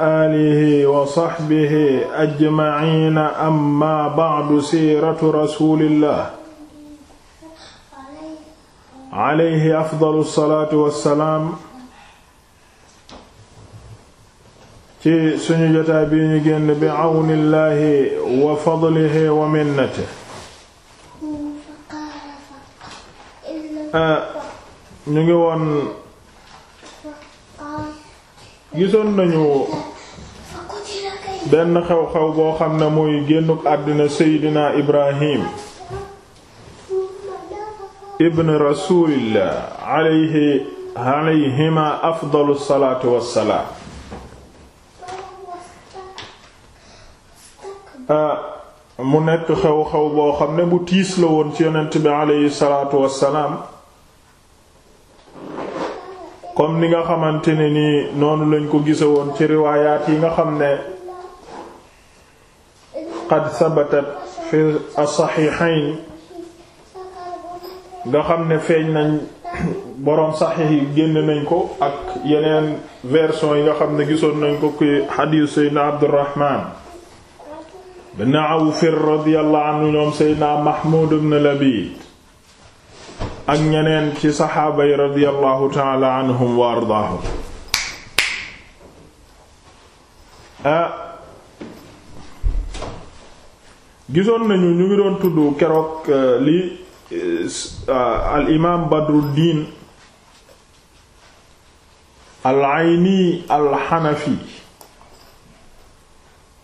aalihi wa saxbihi ajmaciina amma bacdu siiratu rasulillah alayhi afdalu salaatu wa salaam ci suñu jotaa bi ñu génn bi cawnillahi wa fadlihi wa minnatihi ah, ñu ngi woon gisoon nañu benn xew-xew boo xam ne muy génnuk àddina seydina ibrahim ibn rasulillah alayhi alayhima afdalu salaatu wassalaam ah, mu nekk xew-xew boo xam ne bu tiis la woon ci yonent bi alayhi salaatu wassalaam comme ni nga xamante ne nii noonu lañ ko gise woon ci riwaayaat yi nga xam ne qad sabatat fi as-saxiixayn nga xam ne feeñ nañ boroom saxiix yi génn nañ ko ak yeneen version yi nga xam ne gisoon nañ ko kuy xadiis Seydina Abdurrahman bin Awf radiyallahu anhu ñoom Seydina Mahmud ibn Labid ak ñeneen ci saxaaba yi radiyallahu ta'ala anhum wa ardaahum ah, gisoon nañu ñu ngi doon tudd keroog euh, li euh, euh, al imaam badruddin al ayni al xanafi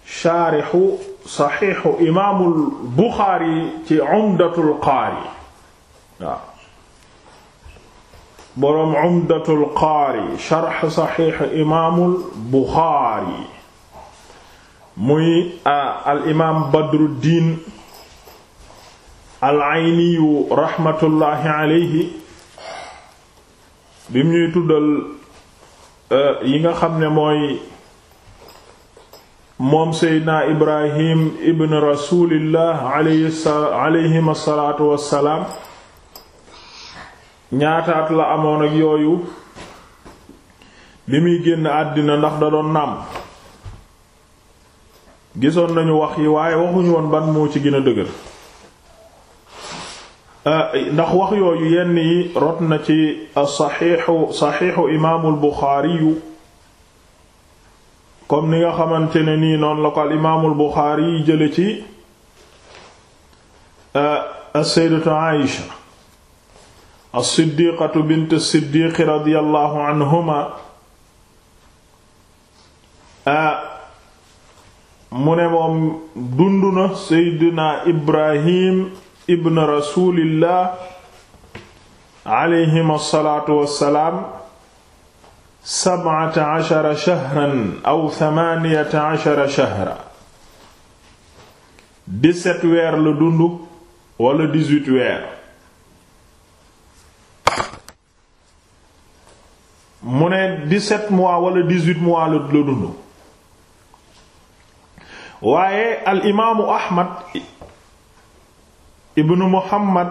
shaarixu saxiixu imaamul buxaari ci umdatul qaari waaw boroom umdatul qaari sharx saxiixu imaamul buxaari muy al imaam Badruddin al ayniyu raxmatullaahi alayhi bi ñuy tuddal e, yi nga xam ne mooy moom seydna ibrahim ibn rasulillah alayhim asalaatu wassalaam ñaataat la amoon ak yooyu bi muy génn àddina ndax da doon nàmm gisoon nañu wax yi waaye waxuñu woon ban moo ci gën a dëgër ah, ndax wax yooyu yenn yi rot na ci saxiixu saxiixu imaamul buxaariyu comme ni nga xamante ne nii noonu la ko al imaamul buxaari yi jële ci ah, as-sayyidatu Aïsha as-siddiqatu bint as-siddiq radiyallahu anhuma ah, mu ne moom dund na seydina ibrahim ibn rasulillah alayhim asalaatu wassalaam sab'ata ashara aw shahra dix weer la dund wala dix-huit weer mu ne dix mois wala dix-huit mois la dund waaye al imaamu ahmad ibnu muhammad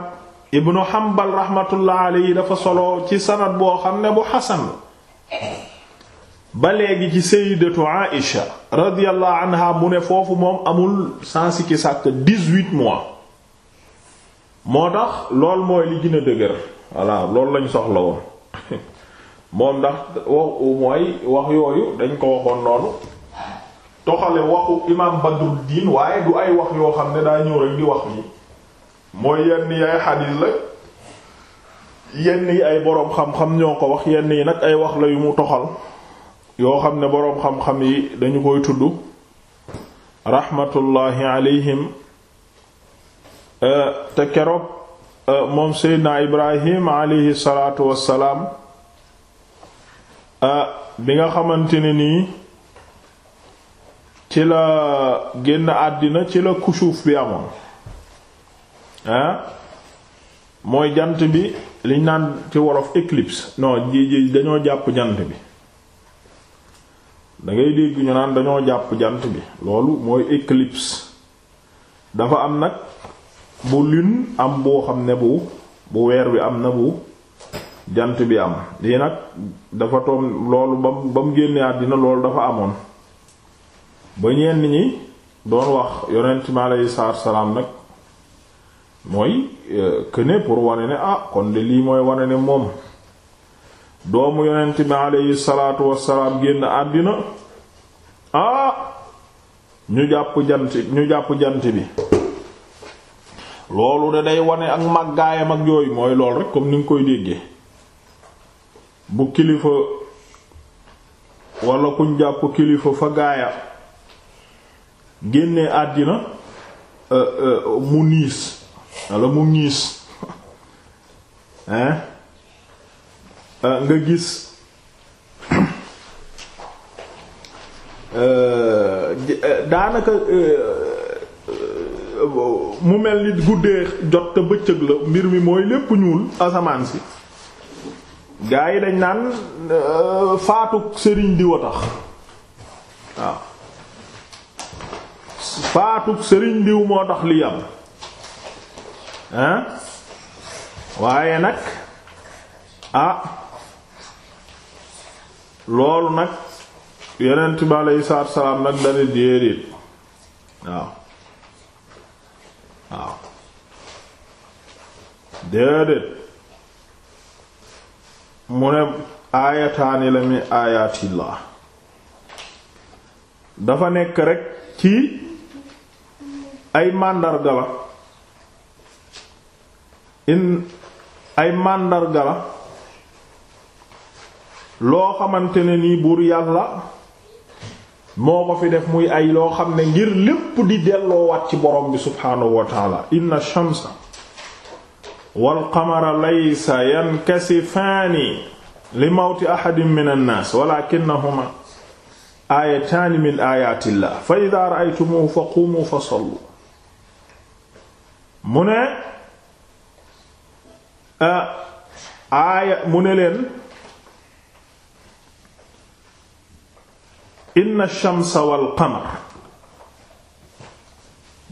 ibnu hambal rahmatullah alayhi dafa solo ci sanad boo xam ne bu xasan ba léegi ci sayyidatu aisha radiyallahu anha mu ne foofu moom amul sans ki sàkk dix-huit mois moo tax lool mooy li gën a dëgër voilà loolu lañ soxla woon moom ndax wax mooy wax yooyu dañ ko waxoon noonu toxale waxu imaam Badruddin waaye du ay wax yoo xam ne daa ñëw rek di wax ni mooy yenn yi ay xadiis la yenn yi ay boroom xam-xam ñoo ko wax yenn yi nag ay wax la yu mu toxal yoo xam ne boroom xam-xam yi dañu koy tudd raxmatullaahi alayhim eh, te keroog eh, moom Seydina Ibrahim alayhi salaatu wassalaam eh, bi nga xamante ne nii ci la génn àddina ci la kusuuf bi amoon mooy jant bi liñ naan ci wolof éclipse non ji dañoo jàpp jant bi dangay ngay dégg ñu naan dañoo jàpp jant bi loolu mooy éclipse dafa am nag bu lune am boo xam ne bu bu weer wi am na bu jant bi am lii nag dafa toom loolu bam ba génnee àddina loolu dafa amoon ba ñenn ñi doon wax yonent mi aleyhi salaam nag mooy këne euh, pour wane ne ah kon de lii mooy wane ne moom doomu yonent mi aleyhi salaatu wasalaam génn àddina ah ñu jàpp jant ñu jàpp jant bi loolu de day wane ak màggaayam ak yooyu mooy lool rek comme ni nga koy déggee bu kilifa wala kuñ jàpp kilifa fa gaaya génnee àddina euh, euh, mu niis walla mu niis hein euh, nga gis daanaka mu mel ni guddee jot te bëccëg la mbir mi mooy lépp ñuul asamaan si gaa yi dañ naan faatu sëriñ diwa tax waaw faatu sëriñ diw moo tax li am hein waaye nag ah loolu nag yonent bi aleyhi salaatu salaam nag dana déedéet waaw waaw déedéet mu ne aayataani la mi aayaatillah dafa nekk rek ci ay màndarga la ay màndarga la loo xamante ne nii buur yàlla moo ko fi def muy ay loo xam ne ngir lépp di delloowaat ci borom bi subhaanahu wa taala inna shamsa wal qamara laysa yankasifaani li mawti ahadin min annaas walaakinnahuma aayataani min aayaatillaah fa idaa ra'aytumuuhu faquumuu fasallu mu ne aaya mu ne leen inna shamsa wal qamar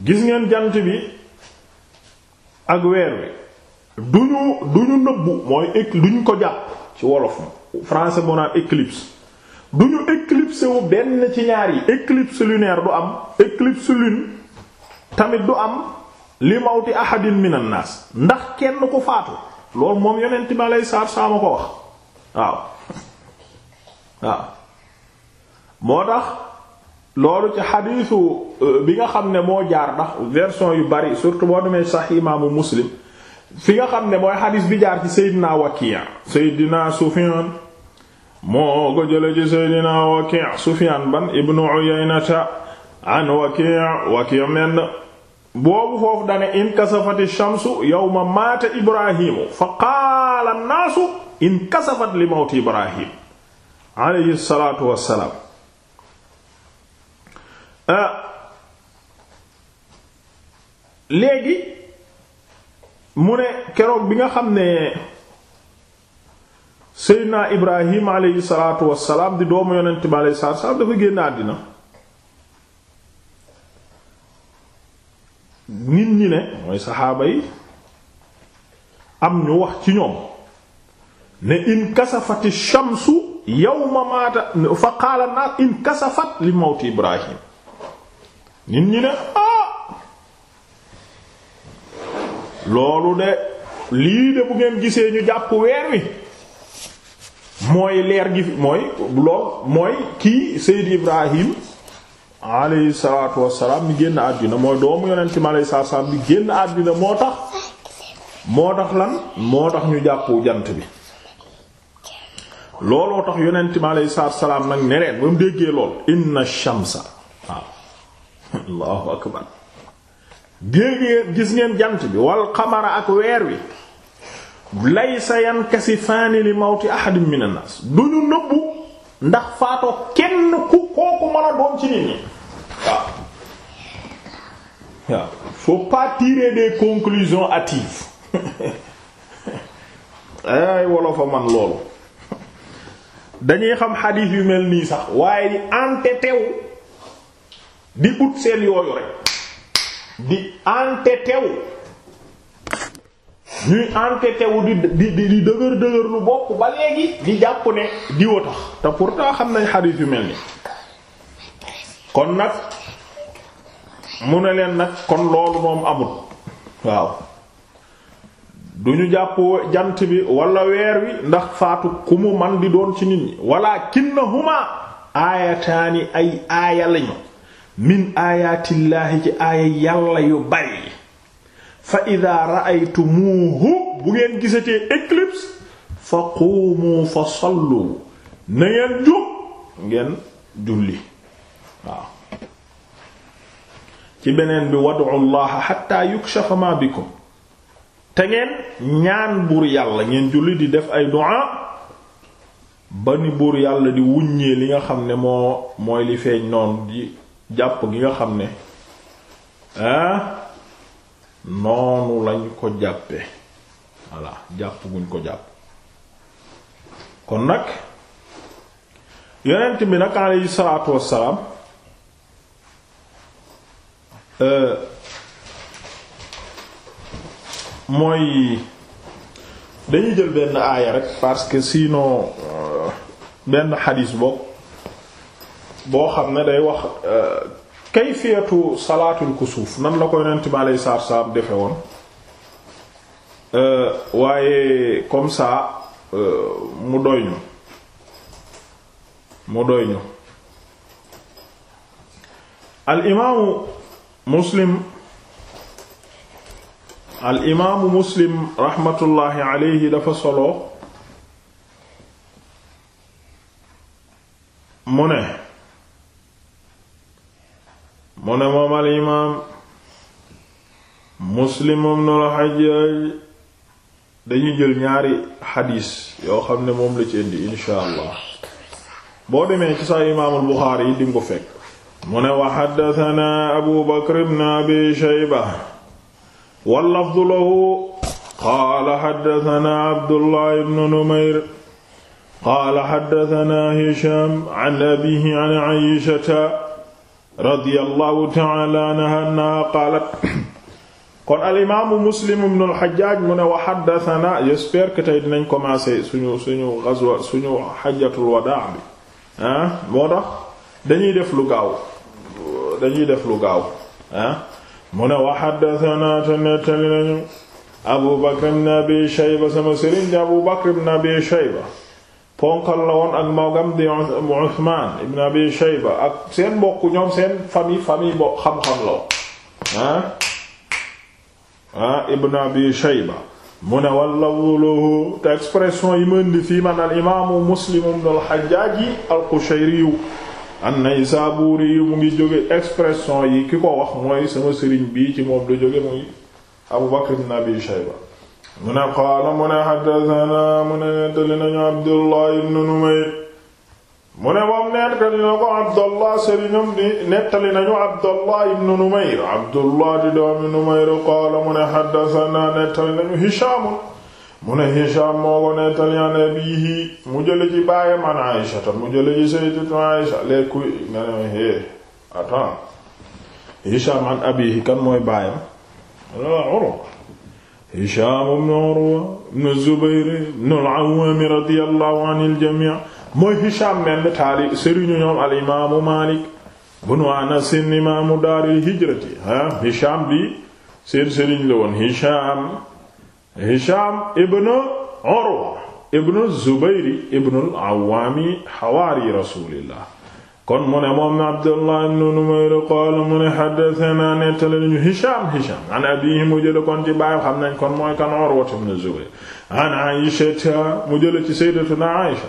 gis ngeen jant bi ak weer wi du ñu du ñu nëbbu mooy du ko jàpp ci wolof français moo naan éclipse du ñu éclipse benn ci ñaar yi éclipse lunaire du am éclipse lune tamit du am li mawti ahadin minan naas ndax kenn ku faatu loolu moom yonent bi aleyhi salaatu salaam ko wax waaw waaw moo tax loolu ci xadiisu euh, bi nga xam ne moo jaar ndax version yu bari surtout boo demee sax imaamu muslim fi nga xam ne mooy xadiis bi jaar ci Seydina Waki' Seydina Sufyaan moo ko jële ci Seydina Waki' Sufyaan ban ibnu Uyaynata an Waki' Waki' menn boobu foofu dane inkasafati shamsu yawma maata ibrahimu fa qaala nnaasu inkasafat li mawti ibrahim alayhi salaatu wassalaam ah, léegi mu ne keroog bi nga xam ne seydina ibrahim alayhi salaatu wassalaam di doomu yonent bi alayhi salaatu wassalaam dafa génn àddina nit ñi ne mooy saxaaba yi am ñu wax ci ñoom ne in kasafati shamsu yawma maata fa qaala naar kasafat li mawti ibrahim nit ñi ne ah, loolu de lii de bu ngeen gisee ñu jàpp weer wi mooy leer gi mooy lool mooy kii Seyd Ibrahim alayhi salaatu wassalaam mi génn àddina mooy doomu yonent mi alayhi salaatu wassalaam mi génn àddina moo tax moo tax lan moo tax ñu jàppu jant bi looloo tax yonent mi alayhi salaatu wassalaam nag ne leen ba mu déggee lool inna shamsa waaw allahu akbar déggee gis ngeen jant bi wal qamara ak weer wi laysa yankasifaani li mawti ahadin minan naas duñu nëbbu ndax faatoo kenn ku kooku mën a doon ci nit ñi waaw waaw faut pas tirer des conclusions hâtives ay man loolu dañuy xam xadiis yu mel nii sax waaye di entêté wu di ut seen yooyu rek di entêté wu ñuy enquêté wu di di dëgër dëgër lu bokk ba léegi di jàpp ne diwa tax te pourtant xam nañ xarit yu mel ni kon nag mu ne leen nag kon loolu moom amut waaw du ñu jàpp jant bi walla weer wi ndax faatu ku mu man di doon ci nit ñi wala kinnahuma aayataani ay aaya lañu min aayatillaahi ci aaya yàlla yu bari fa idaa ra'aytumuuhu bu ngeen gisatee éclipse fa quumu fa sallu na ngeen jóg ngeen julli waaw ci beneen bi wadu llaha xatta yukshafa ma bikum te ngeen ñaan buur yàlla ngeen julli di def ay du'a ba ni buur yàlla di wuññee li nga xam ne moo mooy li feeñ noonu di jàpp gi nga xam ne noonu lañ ko jàppe voilà jàpp guñ ko jàpp kon nag yonent bi nag aleyhi salaatu wassalaam euh, mooy dañu jël benn aaya rek parce que sinon euh, benn xadiis bokk boo xam ne day wax euh, kayfiyatu salaatul kusuuf nan la ko yonent bi alayhi salaatu defe woon euh, waaye comme ça euh, mu doy ñu mu doy ñu al imaamu muslim al imaamu muslim raxmatullaahi alayhi dafa solo mu ne mu ne moom muslim ibn al Hajjaj dañu jël ñaari xadiis yoo xam ne moom la ci indi insha boo demee ci sax imaamul Buxaari yi dinga ko fekk mu ne wa xaddatanaa abu bakr ibn abi shayba wal lafdu lahu qaala xaddatanaa abdullah ibn numayr qaala xaddatanaa hisham an abihi an ayishata radiyallahu ta'ala anha annaha qaalat kon al imaamu muslim ibn al xajjaaj mu ne wa xaddatana j'espère que dinañ commencer suñu suñu gazwa suñu xajjatul def lu gaaw dañuy def lu gaaw ah mu ne wa xaddatana te nañu abu bakr ibn abi sama sëriñ di ponkal la woon ak magam di Usmaan ibn Abi Shayba ak seen mbokk ñoom seen famille famille bo xam-xam la ah ah ibn Abi Shayba mu ne wallahu lahu te expression yi mën fii man al imaamu Muslim ibn al Hajjaaj al-Qushayri an-Naysaburi mu ngi jóge expression yi ki ko wax mooy sama sëriñ bii ci moom la jóge muy Abu Bakr ibn Abi Shayba mu ne qaala mu ne xaddasanaa mu ne nettali nañu abdullah ibnu numayr mu ne moom nettali na ko abdullah sëriñam di nettali nañu abdullah ibnu numayr abdullah di doomi numayr qaala mu ne xaddasanaa nettali nañu hishaamun mu ne hishaam moo ko nettali an abiihi mu jële ci baayam an aysata mu jële ci sayyidatu aysa lekku nga ne hee attends hishaam an abiihi kan mooy baayam urwa Hishaam ibn Urwa ibn Zubayr ibn al-Awwaam radiyallahu anil jamii' mooy Hishaam menn taali sëriñu ñoom al imaamu Maalik ibn Anas imaamu daaril hijrati ah Hishaam bi seen sëriñ la woon Hishaam Hishaam ibn Urwa ibn Zubayr ibn al-Awwaam hawaari rasuulillah kon mu ne moom Abdullah ibn Numayr qaala mu ne haddathana nettali nañu Hisham Hisham an abiihi mu jële kon ci baayam xam nañ kon mooy kan Urwa ibn Zubayr an Aysha mu jële ci sayyidatuna Aysha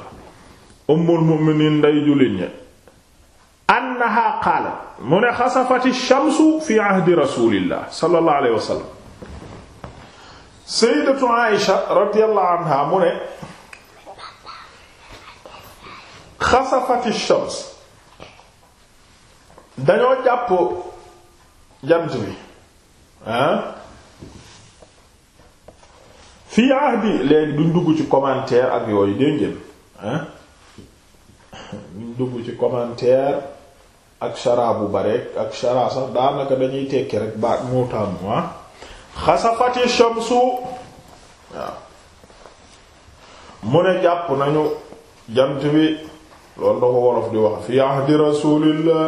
ummul mu'minin nday jullit ñi annaha qaalat mu ne xasafati shamsu fi ahdi rasulillah sallallahu alayhi wa sallam sayyidatu Aysha radiyallahu anha mu ne xasafati shams dañoo jàpp jant bi ah fii ahdi duñ dugg ci commentaire ak yooyu dégg ngeen ah duñ dugg ci commentaire ak shara bu bare ak shara sax daanaka dañuy tekki rek baat moo taamu ah shamsu mu ne jàpp nañu jant bi loolu da ko wolof di wax fii ahdi rasulillah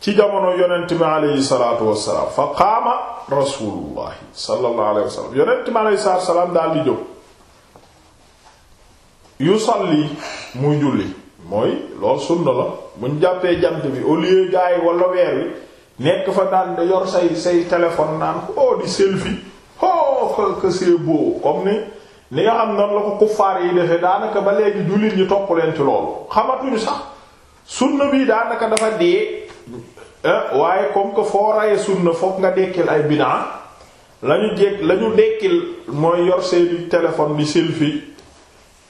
ci jamono yonent bi aleyhi salaatu wassalaam fa qaama rasulullahi sallallahu alayhi yonent bi aleyhi salaatu wassalaam daal di jóg yusalli muy julli mooy lool sunna la buñ jàppee jant bi au lieu gars yi weer wi nekk fa daan yor say say téléphone naan oh di selfie oh que c'est beau comme ni li nga xam noonu la ko kuffaar yi defee daanaka ba léegi jullit ñi topp leen ci loolu xamatuñu sax sunna bi daanaka dafa dee. Eh, waaye comme que foo raye sunna foog nga dekkil ay bid'a lañu jekk lañu dekkil mooy yor seeni téléphone di selfie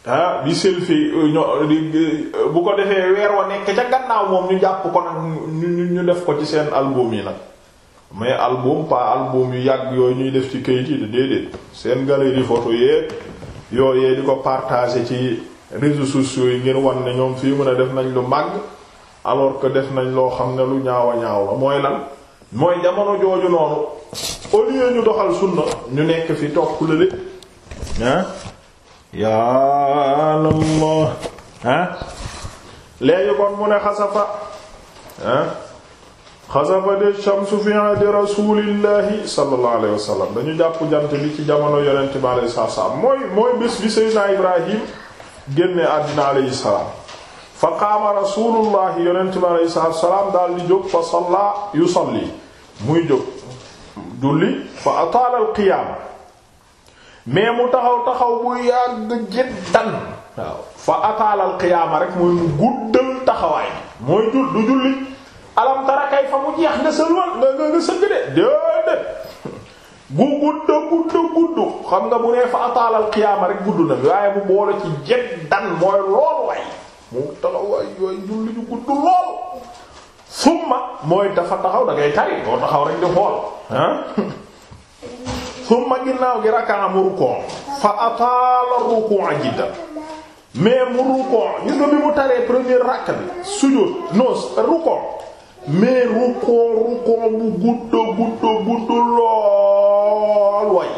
ah di selfie eh, bu ko defee weer wa nekk ca gannaaw moom ñu jàpp ko nag ñu ñu def ko ci seen album yi nag mais album pas album yu yàgg yooyu ñuy def ci kayit yi déedéet seen galerie photo yeeg yooyee di ko partage ci réseaux sociaux yi ngir wan ne ñoom fii mën a def nañ lu màgg alors que def nañ loo xam ne lu ñaawa ñaaw la mooy lan mooy jamono jooju noonu au lieu ñu doxal sunna ñu nekk fi topp la léegi kon mu ne xasafa ah xasafa de shamsu fi adi rasulillahi sallallahu alayhi wa sallam dañu jàpp jant bi ci jamono yonent bi alayhi salaam mooy mooy bés bi Seydina Ibrahim génne àddina alayhi fa qaama rasulullahi yonente bi aleyhi salaatu wasalaam daal di jóg fa yu yusalli muy jóg julli fa ataala al mais mu taxaw taxaw bu rek mooy mu guddal taxawaay mooy jul du julli alam kay fa mu jeex nga sëlwal nga nga nga sëgg de déedéet gu gudd gudd gudd xam nga bu nee fa ataala qiyaama rek gudd na waaye bu boole ci jiddan mooy loolu way mu taxaw waay yooyu julli ju gudd lool summa mooy dafa taxaw da ngay tari doo taxaw rek di xool ah summa ginnaaw gi rakka mu rukkoo fa ataala rukkoo jidda mais mu rukkoo ñu nga bi mu taree premier rakk bi sujjóot non rukkoo mais rukkoo rukkoo bu gudd gudd gudd lool way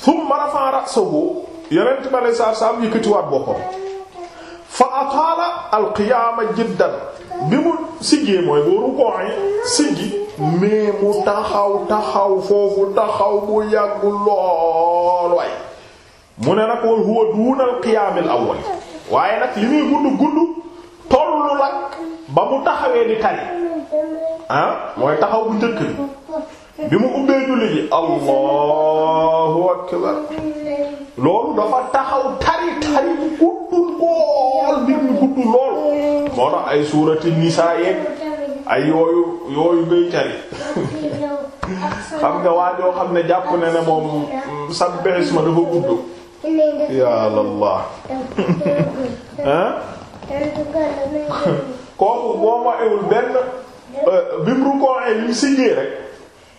summa rafa ra'sahu yeneen tibe ale saab saab yëkkëtiwaat boppam fa ataala alqiyaama jiddan bi mu siggee mooy boo rukkooxee siggi mais mu taxaw taxaw foofu taxaw bu yàggu lool waaye mu ne nag huwa duuna alqiyaamil awwal waaye nag li muy gudd gudd tollu lak ba mu taxawee di tari ah mooy taxaw bu njëkk bi bi mu ubbee julli ji allahu akbar loolu dafa taxaw tari tari bu lool mbir mi gudd lool moo tax ay suurati nisaa yeeg ay yooyu xam ne jàpp ne ne moom mm,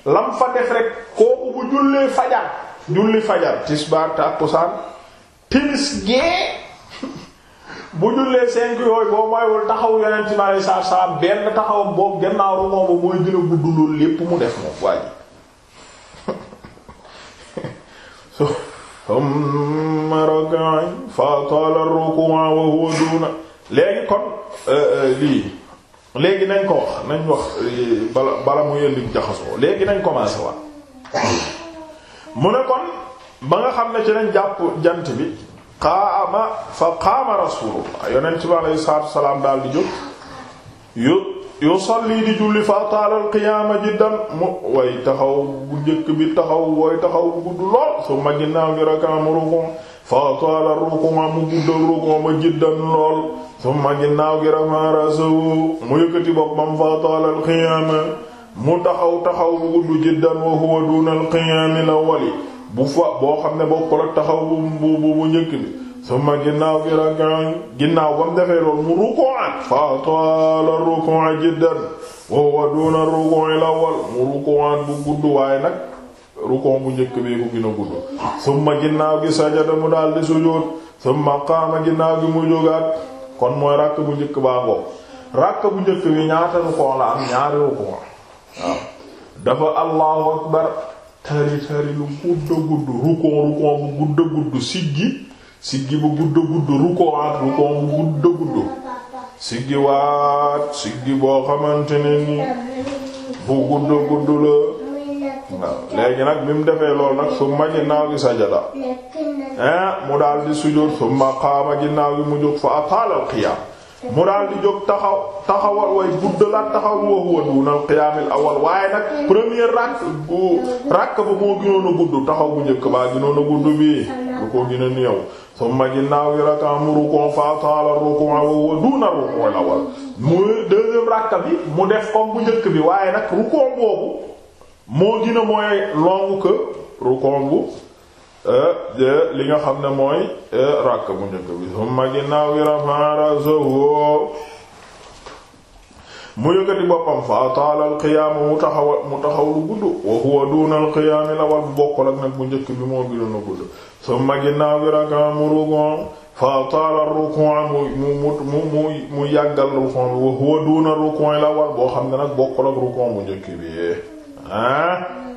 euh, mu fa def rek kooku bu jullee fajar julli fajar tisbaar tàkkusaan timis gee bu jullee cinq yooyu boo mooywul taxaw yonent bi aleyhi salaatu salaam benn taxawam boobu gannaaw ruqoo ba mooy gën gudd loolu lépp mu def moom waa ji thumma wa huwa kon euh, euh, lii léegi nañ ko wax nañ wax bala bala mu yëndu jaxasoo léegi nañ commencé wax mu ne kon ba nga xam ne ci lañ jàpp jant bi qaama fa qaama rasulullah yonent bi alayhi salaatu wa salaam daal di jóg yu yusalli di julli fa ataala alqiyaama jiddan mu way taxaw bu njëkk bi taxaw way taxaw bu gudd lool summa ginnaaw gi rakam ruku fa ataala ruku mu guddal ruku ma jiddan lool summa ginnaaw gi rafa rasahu mu yëkkati boppam fa ataala alqiyaama mu taxaw taxaw bu gudd jiddan wa huwa duuna alqiyaami al awwali bu fa boo xam ne boo kolo taxaw bu bu bu njëkk bi summa ginnaaw gi rakan ginnaaw ba defee loolu mu ruku'an fa taala ruku'a jiddan wa bu njëkk bi ku gën a gudd summa mu daal di kon mooy ràkk bu njëkk baa ngoo bi ñaata ruku' la waaw dafa allahu akbar tari tari lu gudd a gudd rukon bu gudd a siggi siggi bu gudd a gudd bu gudd a siggi waat siggi boo xamante ne ni bu gudd a la waaw nag bi mu defee lool nag su ma ginnaaw gi eh, mu daal di sujjóot su ma qaama ginnaaw gi mu jóg fa ataalal qiyaam mu daal di jóg taxaw taxawal way guddalaat taxaw wa huwa dunal qiyaamil awal waaye nag premier rakk bu rakk ba moo gënoon gudd taxaw bu njëkk baa gënoon a gudd bii lu ko gën a néew summa ginnaaw yi raka am rukun fa taala rukun wa huwa dunal rukun awal muy deuxième bi mu def comme bu njëkk bi waaye nag rukun boobu moo gën mooy longu que rukun bu E, li nga xam ne mooy e, ràkk bu njëkk bi summa ginnaaw gi rafa'a ra'sahu mu yëkkati boppam fa ataala alqiyaama mu taxaw mu taxaw lu gudd wa huwa duuna la war bu bokkul ak nag bu njëkk bi moo gënoon a gudd summa ginnaaw gi raka'a mu rukuu fa ataala rukuu'a mu mu mu mu mu yàggal rukuu bi wa huwa duuna la war boo xam ne nag bokkul ak rukuu bu njëkk bi ah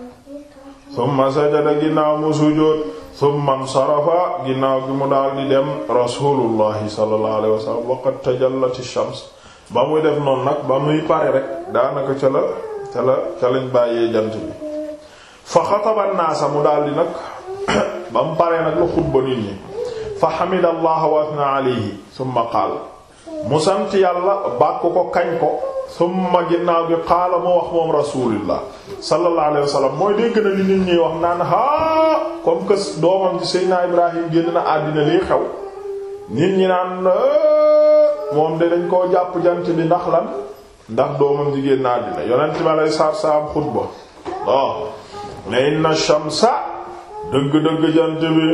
summa sajada ginnaaw mu sujjóot summa nsarafa ginnaaw gi mu daal di dem rasulullahi sallallahu alayhi wa sallam waqad tajallati shams ba muy def noonu nag ba muy pare rek daanaka ca la ca la ca lañ bàyyee jant bi fa xataba naasa mu daal di nag ba mu paree nag lu xutba nit ñi fa hamida allaha wa athna alayhi summa qaala mu sant yàlla bàkk ko kañ ko ma ginnaaw gi xaala mu wax moom rasulillah sallallahu alayhi wa sallam mooy dégg na li nit ñi wax naan haa comme que doomam ci Seydina Ibrahim génn na àddina lii xew nit ñi naan moom de dañ koo jàpp jant bi ndax lan ndax doomam ji génn na àddina yonent bi alayhi salaatu salaam xutba waaw ne inna shamsa dëgg-dëgg jant bi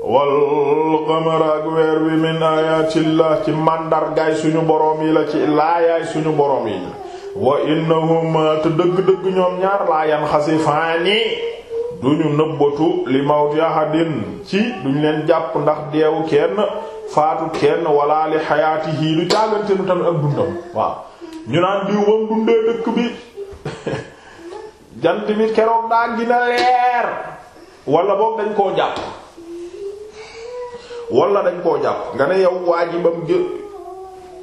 wal qamara ak weer wi min ayatillah ci màndargaay suñu boroom yi la ci laayaay suñu boroom yi la wa innahuma te dëgg-dëgg ñoom ñaar laayan xasifaani duñu nëbbatu li mawti ci duñ leen jàpp ndax deewu kenn faatu kenn wala li xayaatihi lu jaagante nu tamit ak dundam waaw ñu naan diw moom dundee dëkk bi jant bi keroog daa gina leer wala boog dañ koo jàpp wala dañ koo jàpp nga ne yow waa ji ba mu jël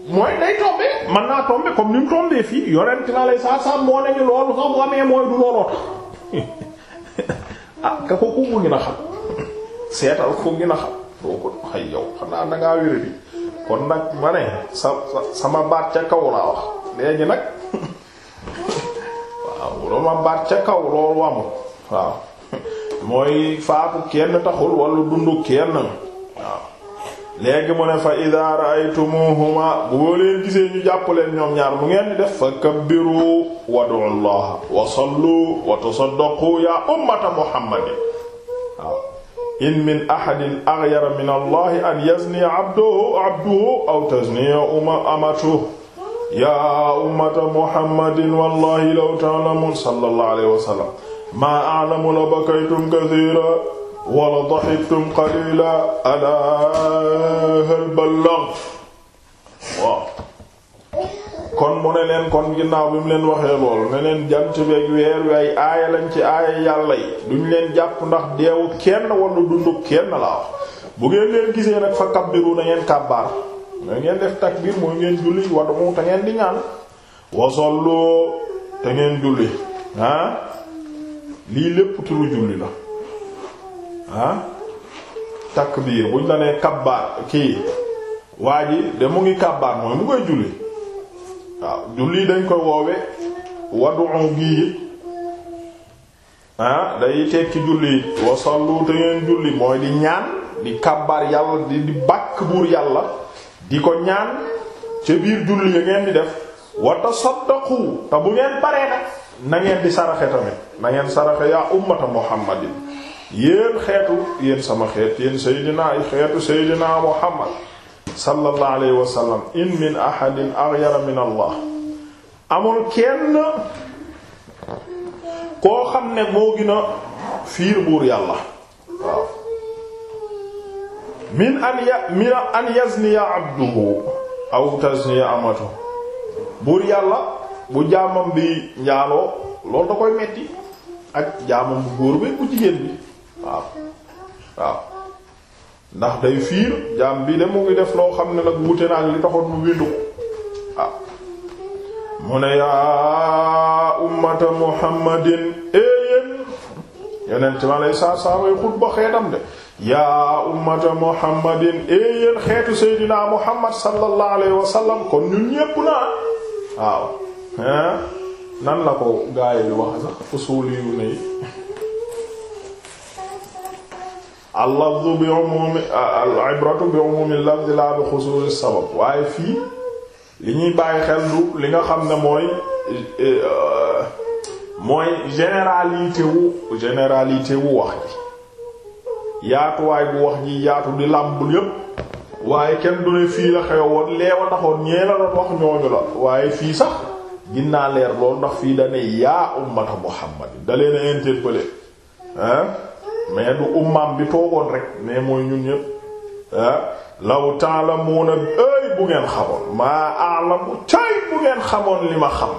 mooy day tombé mën naa tombé comme ni mu fii yorenti na lay saa saa moo nañu loolu sax bu amee mooy du looloo tax ah ko ku gën a xam seetal ko gën a xam doo ko xay yow xanaa dangaa wéra bi kon nag ma ne sa sama baat ca kaw laa wax léegi nag waaw dama baat ca kaw loolu amul waaw mooy faatu kenn taxul wala dundu kenn waaw léegi mu ne fa idaa ra'aytumuhuma bu leen gisee ñu jàpp leen ñoom ñaar mu ngeen di def fa kabbiru wad'u allah wa sallu wa tasaddaqu ya ummata muhammadin waaw in min ahadin aghyara min allah an yazniya abduhu abduhu aw tazniya amatuhu ya ummata muhammadin wallahi law ta'lamun sallallahu alayhi wa sallam ma a'lamu labakaytum kathira wala daxiktum qalila ala hal ballag waaw kon mu ne leen kon ginnaaw bi mu leen waxee lool ne leen jant beeg weer wi ay aaya lañ ci aaya yàlla yi duñ leen jàpp ndax deewu kenn wala dundu kenn la wax bu ngeen leen gisee nag fa kabbiru na ngeen kàbbaar na ngeen def takbir mooy ngeen julli wadu te ngeen di ñaan wasollu te ngeen julli ah lii lépp turu julli la ah takbiir buñ la nee kabbaar kii waa ji de mu ngi kabbaar mooy mu koy julli waaw julli dañ koy woowe wadu'u gi ah day tekki julli wasallu te ngeen julli mooy di ñaan di kabbaar yàlla di di bàkk buur yàlla di ko ñaan ci biir julli ya ngeen di def wa tasaddaqu te bu ngeen baree nag na ngeen di saraxe tamit na ngeen yaa ummata muhammadin yéen xeetu yéen sama xeet yéen seydinaa xeetu seydinaa muhammad sallallahu alayhi wa in min ahadin aghyara min allah amul kenn koo xam ne moo gën a fiir buur yàlla waaw min an ya min an yazniya abduhu aw tazniya amatu buur yàlla bu jaamam bi njaaloo loolu da koy metti ak jaamam bu góor bi bu jigéen bi waaw waaw ndax day fiir jaam bi de mu ngi def loo xam ne nag wuute naa li taxoon mu bindu waaw mu ne yaa ummata muhammadin éeyéen eh yeneen ci ma lay saa saa way xutba xeetam de yaa ummata muhammadin éeyéen eh xeetu seydinaa muhammad sallallahu alayhi wa kon ñun ñépp naa waaw hein nan la ko gaay bi wax sax usuul yu ne al-lafzu bi umumi al-ibratu bi umumi lafzi la bi xusuusi sabab waaye fii li ñuy bàyyi xel du li nga xam ne mooy mooy généralité wu généralité wu wax ji yaatuwaay bu wax ji yaatu di làmbul yépp waaye kenn du ne fii la xewoon leewa taxoon ñee la doon wax ñooñu la waaye fii sax ginnaa leer loolu ndax fii dane yaa ummata muhammad da leen a interpellé hein mais du ummaam bi toogoon rek mais mooy ñun ñépp ah, law ta'lamuna ay bu ngeen xamoon maa a'lamu cay bu ngeen xamoon li ma xam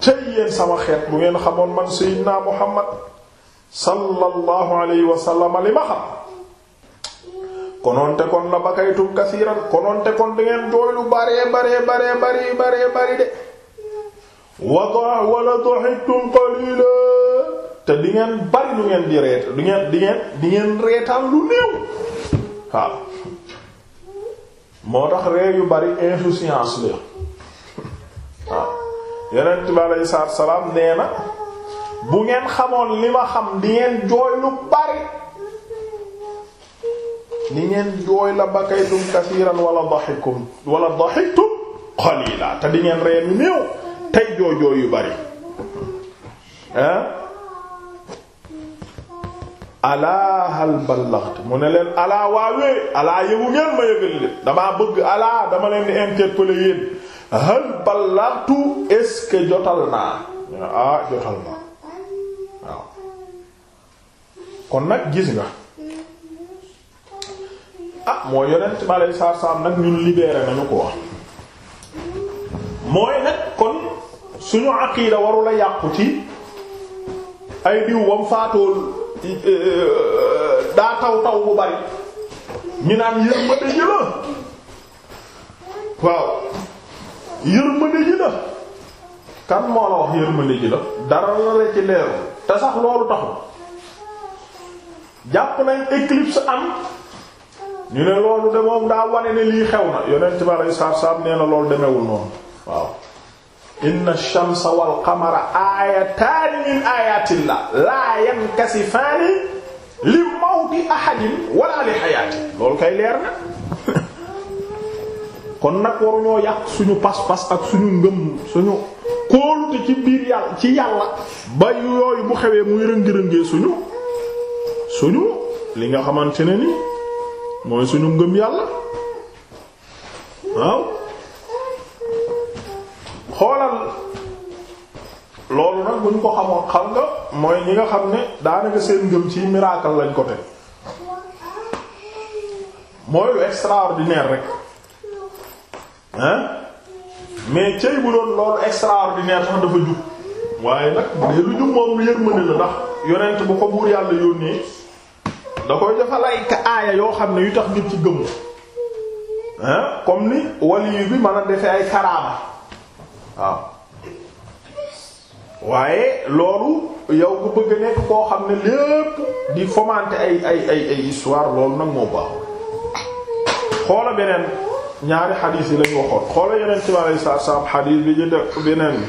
cay yéen sama xeet bu ngeen xamoon man sayyidina Muhammad sallallahu alayhi wa sallam li ma xam konoonte kon na bakaytum kasiiran konoonte kon da ngeen jooy lu bare bare bare bare bare bare de wa wala doxittum qalilan te di ngeen bari lu ngeen di reet du ngeen di di ngeen reetaan lu néew waaw moo tax ree yu bari insouciance la waaw yonent bi aleyhi salaatu wa salaam nee na bu ngeen xamoon ni ma xam dingeen ngeen jooy lu bari di ngeen jooy la bakaytum kasiiran wala daxikum wala daxiktum xaliila te di ngeen ree lu néew tey jooy jooy yu bari ah alaa hal ballaxt mu ne leen alaa waawee alaa yëgu ngeen ma yëgal leen damaa bëgg alaa dama leen di interpeller yéen hal ballaxtu est jotal naa ah jotal naa waaw kon nag gis nga ah moo yonent ma lay saar saam nag ñun libéré nañu ko wax mooy nag kon suñu aqiida warula yàqu ci ay diw wam faatool Euh, daa taw taw bu bari ñu naan yërmande ji la waaw yërmande ji la kan moo la wax yërmande ji la dara la ci leeru te sax loolu taxul jàpp nañ éclipse am ñu ne loolu de moom daa wane ne lii xew na yonent bi alayhi salaam nee na loolu demewul noonu waaw inna shamsa wal qamara aayataani min aayatillah laa yankasifaani li mawti ahadin wala li hayaati loolu kay leer na kon nag waruñoo yàq suñu pas-pas ak suñu ngëm suñu kóolute ci biir yàlla ci yàlla ba yooyu bu xewee muy rëngi-rëngee suñu suñu li nga xamante ne ni mooy suñu ngëm yàlla waaw xoolal loolu nag bu ñu ko xamoon xam nga mooy ñi nga xam ne daanaka seen ngëm ci miraakal lañ ko teg mooy lu extraordinaire rek hein mais cëy bu doon loolu extraordinaire sax dafa jub waaye nag bu dee lu jub moom lu yërmande la ndax yonent bu ko buur yàlla yónnee da koy defal ay aaya yoo xam ne yu tax nit ci gëmu hein comme ni waliyu bi mën a defee ay karaama waaw waaye loolu yow bu bëgg nekk koo xam ne lépp di fomenter ay ay ay loolu nag moo baax xoola beneen ñaari xadiis yi lañu waxoon xoola yeneen ci wàllu saa saam xadiis bi ñu def beneen bi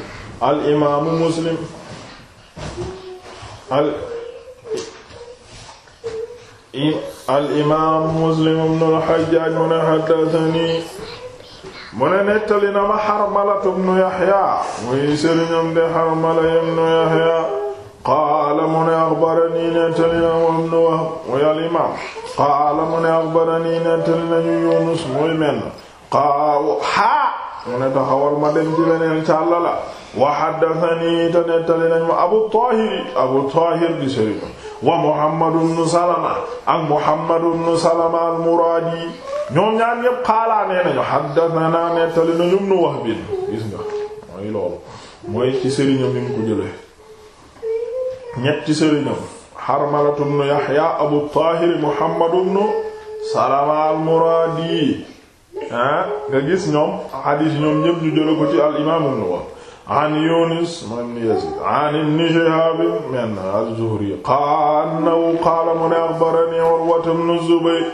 al imaamu muslim al imaamu muslim ibn al hajjaaj mu ne haddathani mu ne nettali na ma Harmalatu bnu Yahya muy sëriñam de Harmala ibnu Yahya qaala mu ne axbarani nettali na Wahb ibnu Wahb muy al-imaam qaala mu ne axbarani nettali nañu Yunus muy menn qaaw haa mu ne taxawal ma dem ci leneen càlla la wa haddathani te nettali nañu ma Abu Taahir Abu Taahir di sëriñam wa Muhammad ibnu Salama ak Muhammad ibnu Salama al-Muraadi ñoom ñaar ñépp xaalaa nee nañu haddathana nettali nañu nu wax biin gis nga mooy loolu mooy ci sëriñam ni mu ko jële ñetti sëriñam Harmalatu ibn Yahya Abu Tahir Muhammadu ibn Salama al-Muradi ah, nga gis ñoom hadith ñoom ñépp ñu jële ko ci al-Imam ibn Wahb an Yunus ibn Yazid an ibn Shihab min az-Zuhri qaala annahu qaala mu ne akhbarani Urwatu ibn Zubayr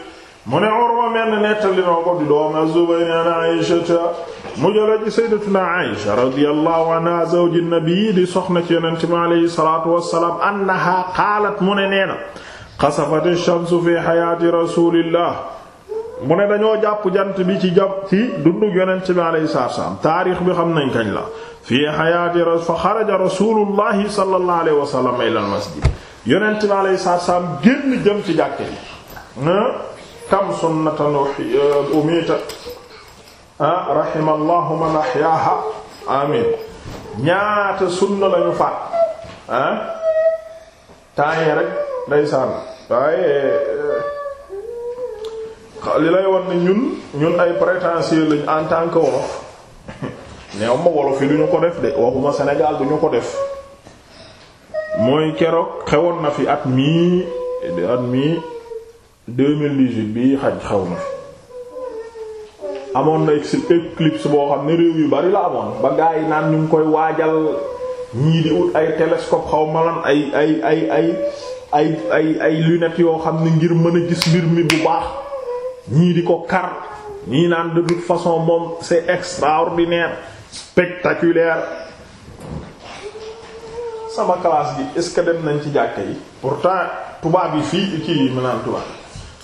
mu ne Urwa menn nettali noo ko di doom az-Zubayr an Aysata mu jëla ci sayyidatuna Aysa radiyallahu anha zawji nabi di soxna ci yonent bi alayhi salaatu wassalaam annaha qaalat mu ne nee na xasafat ash-shamsu fi hayaati rasulillah mu ne dañoo jàpp jant bi ci jàpp ci dundug yonent bi alayhi salaatu wassalaam taarix bi xam nañ kañ la fi hayaati fa xaraja rasulullahi sallallahu alayhi wa sallam ila al-masjid yonent i alayhi salaatu wassalaam génn jëm ci jàkke bi kam sunnatan uh, umita rahimallahu man ahyaaha amin ñaata sunna lañu faat ah tàngee rek ndeysaan waaye uh, li lay war ne ñun ñun ay prétentieux lañ en tant wolof neew wolof yi du ñu ko def de waxuma Sénégal du ñu ko def mooy keroog xewoon na fi at mii at mii 2018 bii xaj xew na amoon na éclipse boo xam ne réew yu bari la amoon ba gaa yi naan ñu koy waajal ñii di ut ay télescope xaw ma ay ay ay ay ay ay yoo xam ne ngir mën a gis mbir mi bu baax ñii di ko kar ñii naan de toute façon moom c'est extraordinaire spectaculaire sama classe bi est-ce que dem nañ ci jàkka yi pourtant tubaab yi fii ci yi mënaan tubaab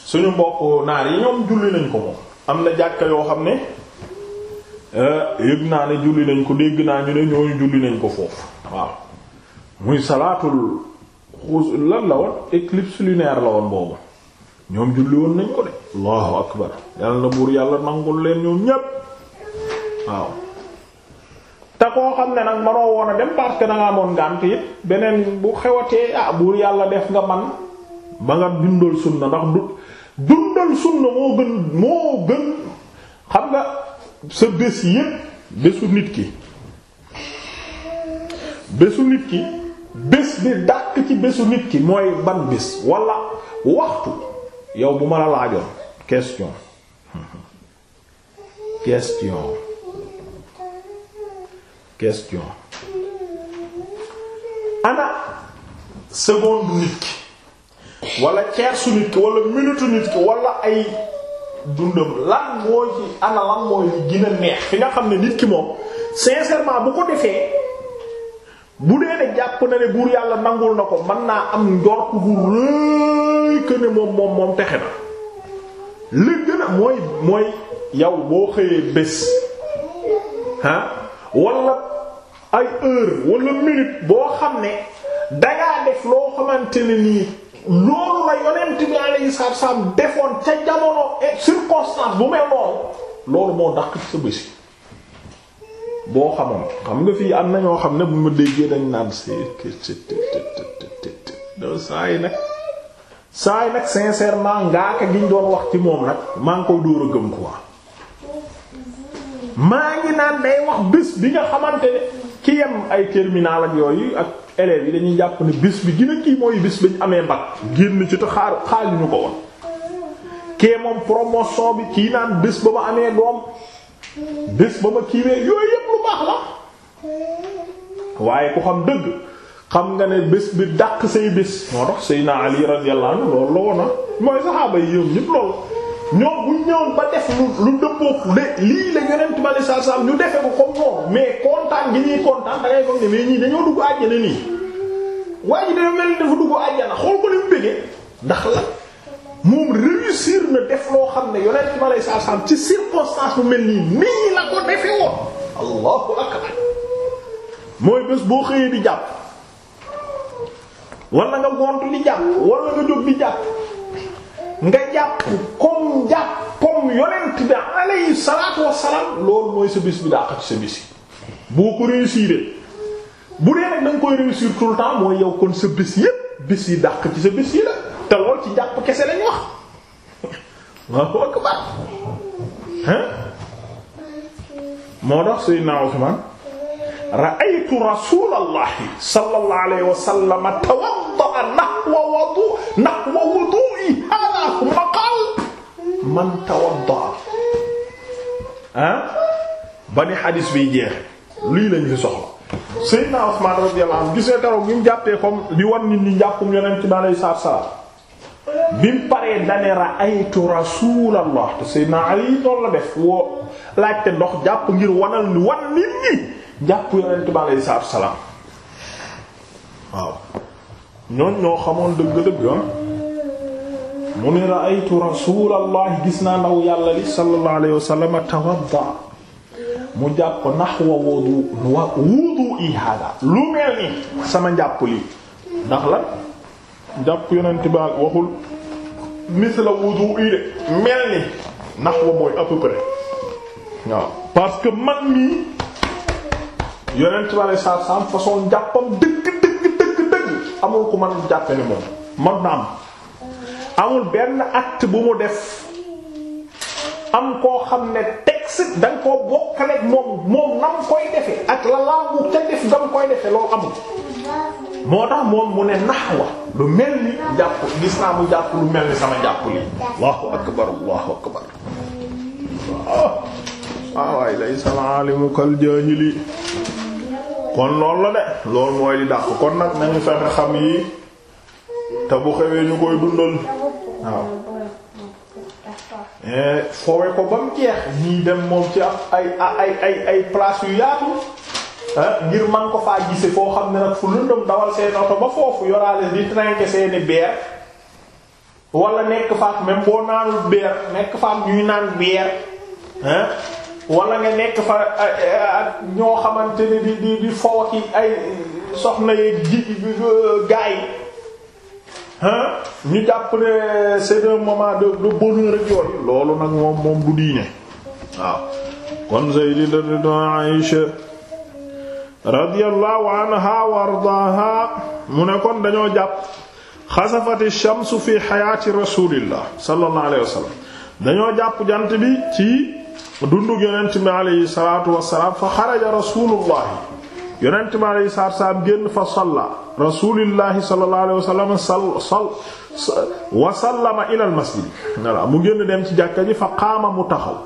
suñu mbokk naar yi ñoom julli nañ ko moom am na jàkka yoo xam ne eh, yëg naa ne julli nañ ko dégg naa ñu ne ñooñu julli nañ ko foofu waaw muy salaatul xus lan la woon éclipse lunaire la woon boobu ñoom julli woon nañ ko de allahu akbar yàlla na buur yàlla nangul leen ñoom ñépp waaw te koo xam ne nag manoo woon a dem parce que da amoon ngànt it beneen bu xewatee ah, buur yàlla def nga man ba nga dundal sunna ndax du dundal sunna moo gën moo gën xam nga sa bés yépp bésu nit ki bésu nit ki bés bi dàq ci bésu nit ki mooy ban bés wala waxtu yow bu ma la laajoon question question ana seconde nit ki wala ceersu nit ki wala minutu nit ki wala ay dundam lan mooy ci ana mooy li gën a neex fi nga xam ne nit ki moom sincèrement bu ko defee bu dee ne jàpp na ne buur yàlla nangul na ko mën naa am njort bu rëy que ne moom moom moom texe na li gën mooy mooy yow boo xëyee bés ah wala ay heure wala minute boo xam ne dangaa def loo xamante nii loolu la yonent bi alayhi salaatu salaam defoon ca jamono et circonstance bu mel noonu loolu moo dàq ci sa bés boo xamoon xam nga fii am na ñoo xam ne bu ma déggee dañ naan si saa yi nag saa yi nag sincèrement ngaaka giñ doon wax ci moom nag maa ngi koy dóor a gëm quoi maa ngi naan day wax bés bi nga xamante ne. ki yem ay terminal ak yooyu ak élèves yi dañuy jàpp ne bis bi gën a kii mooy bis bañ amee mbag génn ci te xaar xaar ñu ko woon kee moom promotion bi kii naan bés ba ma amee doom bés ba ma kiiwee yooyu yëpp lu baax la waaye ku xam dëgg xam nga ne bés bi dàq say bés moo tax Seydina Ali radiyallahu anhu loolu la woon ah. mooy saxaaba yi yëpp ñëpp ñoom bu ñu ba def lu lu de lii la yonent ba saa ñu defe ko comme moom mais kontaan gi ñuy kontaan da ngay ne mais ñii dañoo dugg àjjana nii. waaye ji dañoo mel ni dafa dugg àjjana xool ko ni mu bëggee ndax la moom réussir na def loo xam ne yonent ba saa ci circonstance bu mel nii nii la ko defe woon allahu akbar mooy bés boo xëyee di jàpp na nga gont di jàpp wala nga jóg di jàpp. nga jàpp comme jàpp comme yonent bi alayhi salaatu wassalaam loolu mooy sa bis bi daa xat sa bis yi boo ko réussir bu dee nag da koy réussir tout le mooy yow kon sa bis yépp bis yi dàq ci sa bis yi la te lool ci jàpp kese lañ wax waaw akbar hein moo tax Seydina Usmaan ra'aytu rasulallahi sallallahu alayhi wa sallam tawadda'a nahwa wudu nahwa wudu'i hada thumma qala man tawadda'a ah ba xadis biy jeex lii lañ fi soxla Seydina Usmaan radiyallahu anhu gisee keroog bi mu jàppee comme di wan nit ñi njàppum yonent bi alayhi salaam bi mu paree ra'aytu rasulallah te Seydina Ali noonu la def woo laajte ndox jàpp ngir wanal ni jàpp yonent bi aleyhi salaatu salaam waaw ñooñ ñoo xamoon dëgg-dëgg ah. mu ne ra'aytu rasuulallahi gis naa ndaw yàlla li sallallahu alayhi wa sallam tawadda mu jàpp nahwa wudu wa wudu lu mel ni sama njàpp li ndax la njàpp yonent bi waxul misla wudu i de mel ni nahwa mooy à peu waaw parce que man mii yonent bi aleyhi salaatu salaam façon njàppam dëgg dëgg dëgg dëgg amul ku mën jàppe ni moom na am amul benn acte bu mu def am koo xam ne texte da nga koo bokkaleeg moom moom nam koy defee ak la laabu ca def da nga koy defee loolu amul moo tax moom mu ne naxwa lu mel ni jàpp gis naa mu jàpp lu mel ni sama jàpp li allahu akbar allahu akbar waaw waaw lay sama alimu kal jaahili kon loolu la de loolu mooy di dàq kon nag nañu fexe xam yi te bu xewee ñu koy dundal waaw eh, foowe ko ba jeex ñii dem moom ci ay ay ay ay yu yaatu eh, ngir man ko faa gise foo xam ne nag fu lëndëm dawal seen oto ba foofu yoraale di trinquer seeni beer wala nekk faak même boo naanul beer nekk faak ñuy naan beer hein eh, wala nga nekk fa ak ñoo xamante ne di di di ay soxna yeeg gaay yi ñu jàpp ne c'est un moment de de loolu nag moom moom du diine waaw kon Sayyida Aïsha radiyallahu anha wa ardaaha mu ne kon dañoo jàpp xasafati shamsu fi xayaati rasulillah sallallahu alayhi wa sallam dañoo jàpp jant bi ci dundug yonent mi alayhi salaatu wassalaam fa xaraja rasuulullahi yonent mi alayhi salaatu génn fa salla rasuulullahi sallallahu alayhi wasallam sal sal wa sallama ila al mu génn dem ci jàkka ji fa qaama mu taxaw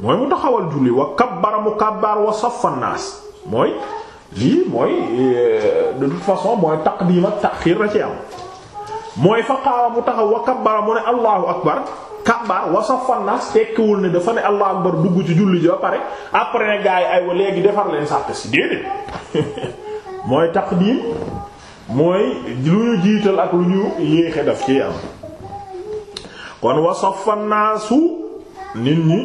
mooy mu taxawal julli wa kabbara mu kabbar wa saffa naas mooy lii mooy euh, de façon mooy taqdiim ak taxiir am mooy fa qaama mu taxaw wa kabbara mu ne allahu akbar kabbar wa saffa tekkiwul ne dafa ne allahu akbar dugg ci julli ji ba pare après ne gars yi aywa léegi defar leen sàpp si déedéet mooy taqdim mooy lu ñu jiital ak lu ñu yéexe daf ciy am kon wa saffa nit ñi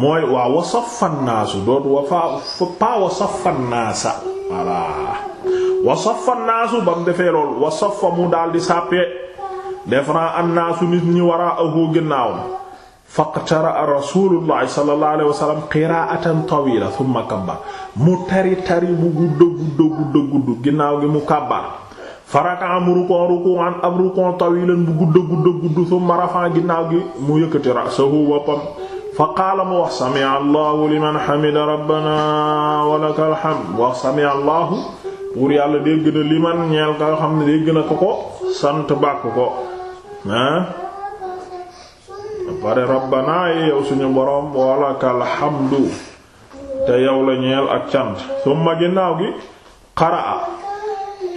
mooy waaw wa saffa naasu wa fa pa wa saffa naasa wa saffa naasu ba mu defee lool wa saffa mu daal di sàppee defran an naasu nit ñi waraa ahu ginnaawam faqtara rasulullahi sallallahu alayhi wa sallam qiraatan tawila thumma kabbar mu tari tari bu gudda gudda gudda guddu ginnaaw gi mu kàbbar faraka am rukon rukuan ab rukon tawilan bu gudda gudda gudd thumma rafa ginnaaw gi mu yëkkati rasahu boppam fa qaala mu wax sami allahu liman hamida rabbana wa lakal wax sami allahu buur yàlla dégg na li man ñeel nga xam na dégg na ko ko sant bàkk ko ah pare rabbanaa yow suñu boroom walakal hamdu te yow la ñeel ak cant summa ginnaaw gi qaraa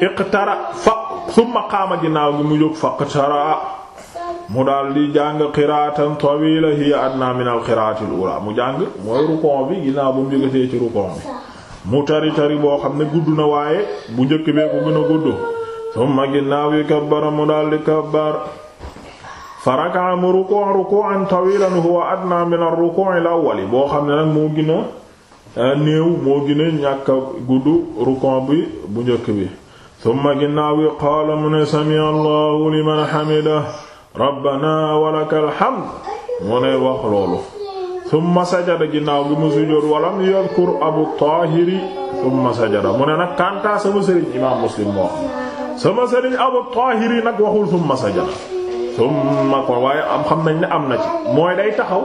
iqtara fa summa qaama ginnaaw gi mu jóg faqtara mu daal di jàng qiraatan tawila hiya adna min al qiraati mu jàng mooy rukon bi ginnaaw bu jógatee ci rukon bi mu tari tari boo xam ne gudd na waaye bu njëkk bee ko gën a gudd summa ginnaaw yi kabbara mu daldi kabbar fa raka'a mu ruku' ruku'an tawilan huwa adna min ar-ruku'il awwal boo xam ne nag moo gën a euh, néew moo gën a ñàkk gudd ruku' bi bu njëkk bi summa ginnaaw yi qaala mu ne sami allahu liman hamida rabbana wa lakal hamd mu ne wax loolu summa sajada ginnaaw bi mu sujjóot walam yadkur abu tahiri summa sajada mu ne nag kanta sama sëriñ imaam muslim moo sama sëriñ abu tahiri nag waxul summa sajada summa kon waaye am xam nañ ne am na ci mooy day taxaw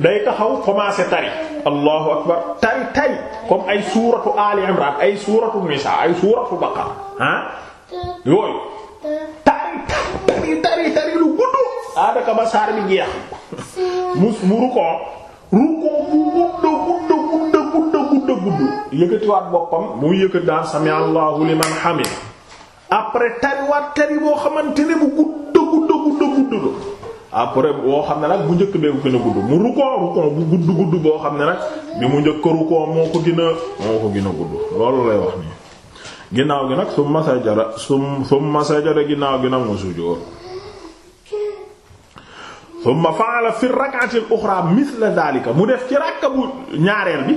day taxaw commencé tari allahu akbar tari tari comme ay suuratu ali imran ay suuratu nisa ay suuratu baqara ah yooyu tari tari tari lu gudd aadaka ba saar bi jeex mu mu rukkoo rukkoo mu gudda gudda gudda yëkkatiwaat boppam mu yëkkati daan sami allahu liman hamid après tariwaat tari boo xamante ne bu gudda gudda gudda gudda la après boo xam ne nag bu njëkk bee ko gën a gudd mu rukkoo rukkoo bu gudd gudd boo xam ne nag bi mu njëkk rukkoo moo ko gën a moo ko gën a gudd loolu lay wax nii ginnaaw gi nag summa sajada summa sajada ginnaaw gi nag mu sujjóot summa fa'ala fi rak'ati al-ukhra mithla mu def ci ràkka bu ñaareel bi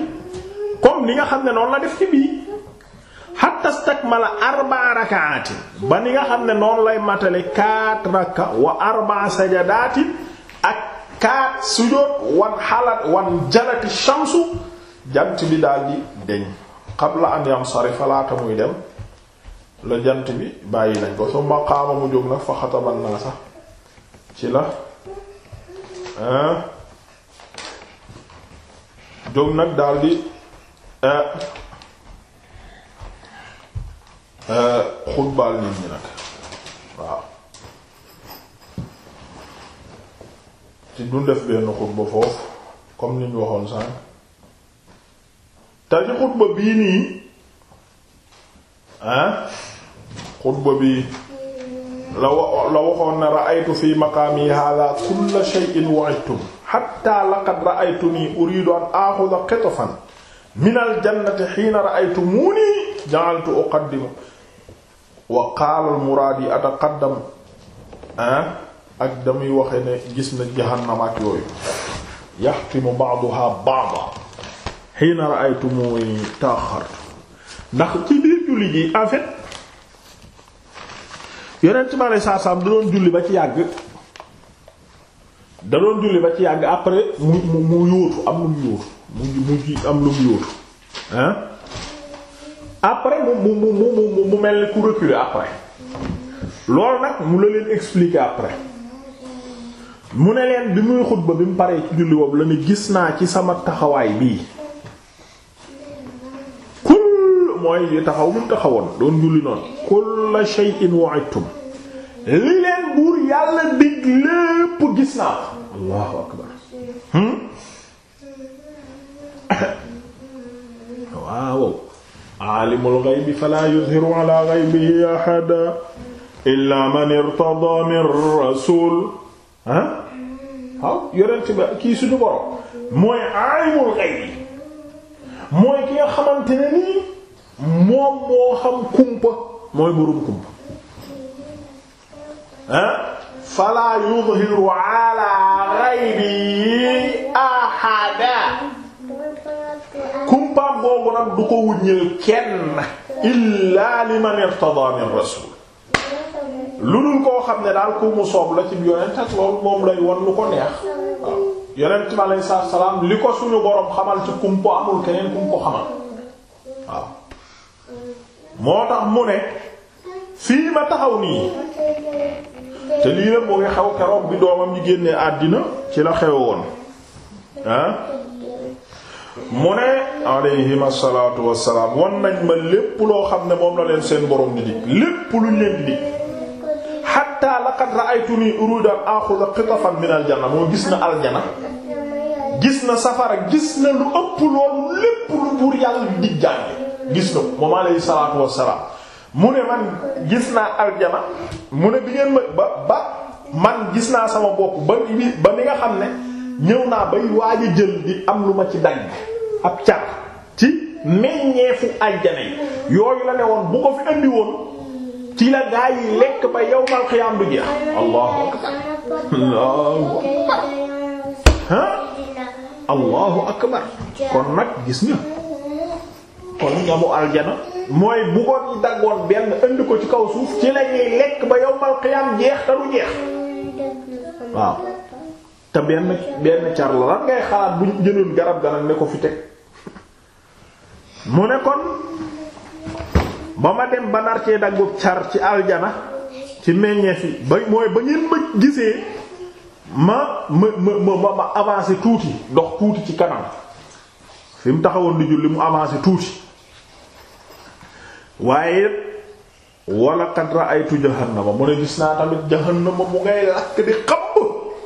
comme li nga xam ne noonu la def ci bii hatta nga xam ne noonu lay matale quatre rakka wa arba'a sajadatin ak quatre sujjóot wan xalaat wan jalati shamsu jant bi daal di deñ qabla an yansarifa falaata muy dem la jant bi bàyyi nañ ko summa qaama mu jóg nag fa xataba naa sax ci la ah, jóg nag daldi ah, ah, xutbaal nit ñi nag waaw ci du def benn xutba foofu comme ni waxoon sànq te ci xutba bii nii ah xutba bii la wa la waxoon ne ra'aytu fi maqaami haadaa kulla shay'in wa'idtum hattaa laqad ra'aytunii uriidu an aaxuda qitfan minal jannati hiina ra'aytumuunii ja'altu uqaddimu wa qaala al-muraadi ataqaddam ah ak damuy waxe ne gis na jahannam ak yooyu yaxtimu ba'duhaa ba'dan xiina ra'aytumu ta'axxartu ndax ci biir julli ji en fait yonent mi alayhi salaatu salaam da doon julli ba ci yàgg da doon julli ba ci yàgg après mu mu am lu mu yóotu mu mu mel ni ku reculer après loolu nag mu la leen expliquer après mu ne leen bi muy xutba bi mu paree ci julli boobu la ne gis naa ci sama taxawaay bii mooy yi taxaw mun taxawoon doon julli noonu kulla shay'in wa'idtum li leen buur yàlla dig lépp gis naa ko allahu akbar hmm? waaw aalimul ghaybi fala yuzhiru ala ghaybihi ahada illa man irtada min rasul ah waaw yorente ba kii suñu borom mooy aalimul ghaybi mooy ki nga xamante ne nii moom moo xam kumpa mooy boroom kumpa ah fala yudhiru ala ghaybi ahada kumpaam googu nag du ko wuññil kenn illa liman irtada min rasul lu dul koo xam ne daal ku mu soob la ci yonent ak loolu moom lay won lu ko neex waaw yonent bi alayhi salaam li ko suñu boroom xamal ci kumpa amul keneen kum ko xamal waaw moo tax mu ne fii ma taxaw nii te lii la mu ngi xaw keroog bi doomam ji génnee àddina ci la xew woon ah mu ne alayhim asalaatu wasalaam won nañ ma lépp loo xam ne moom la leen seen borom di dig lépp luñ leen di xatta laqad ra'aytuni urida axuda qitafan min aljanna moo gis na aljana gis na safara gis na lu ëpp loolu lépp lu buur yàlla di jàng gis na moom alayhi salaatu wassalaam mu ne man gis naa aljana mu ne bi ngeen ma ba ba man gis naa sama bopp ba ni ba ni nga xam ne ñëw naa bay waaj a jël di am lu ma ci dagg ab car ci meññeefu aljana yi yooyu la ne woon bu ko fi andi woon ci la gaa yi lekk ba yow xiyaam du jeex allahu akbar allahu akbar kon nag gis nga kon ñamu aljana mooy buggoon yi daggoon benn indi ko ci kaw suuf ci lañuy lekk ba yowmal xiyaam jeex te du jeex waaw te benn benn car la lan ngay xalaat bu ñu garab ga ne ko fi teg mu ne kon ba ma dem ba nar cee daggub car ci aljana ci meññeef yi ba mooy ba ngeen ma gisee ma ma ma ma tuuti dox tuuti ci kanam fi mu taxawoon di julli mu avancé tuuti waaye wala qad ra'aytu jahannama mu ne gis naa mu ngay lakk di xapp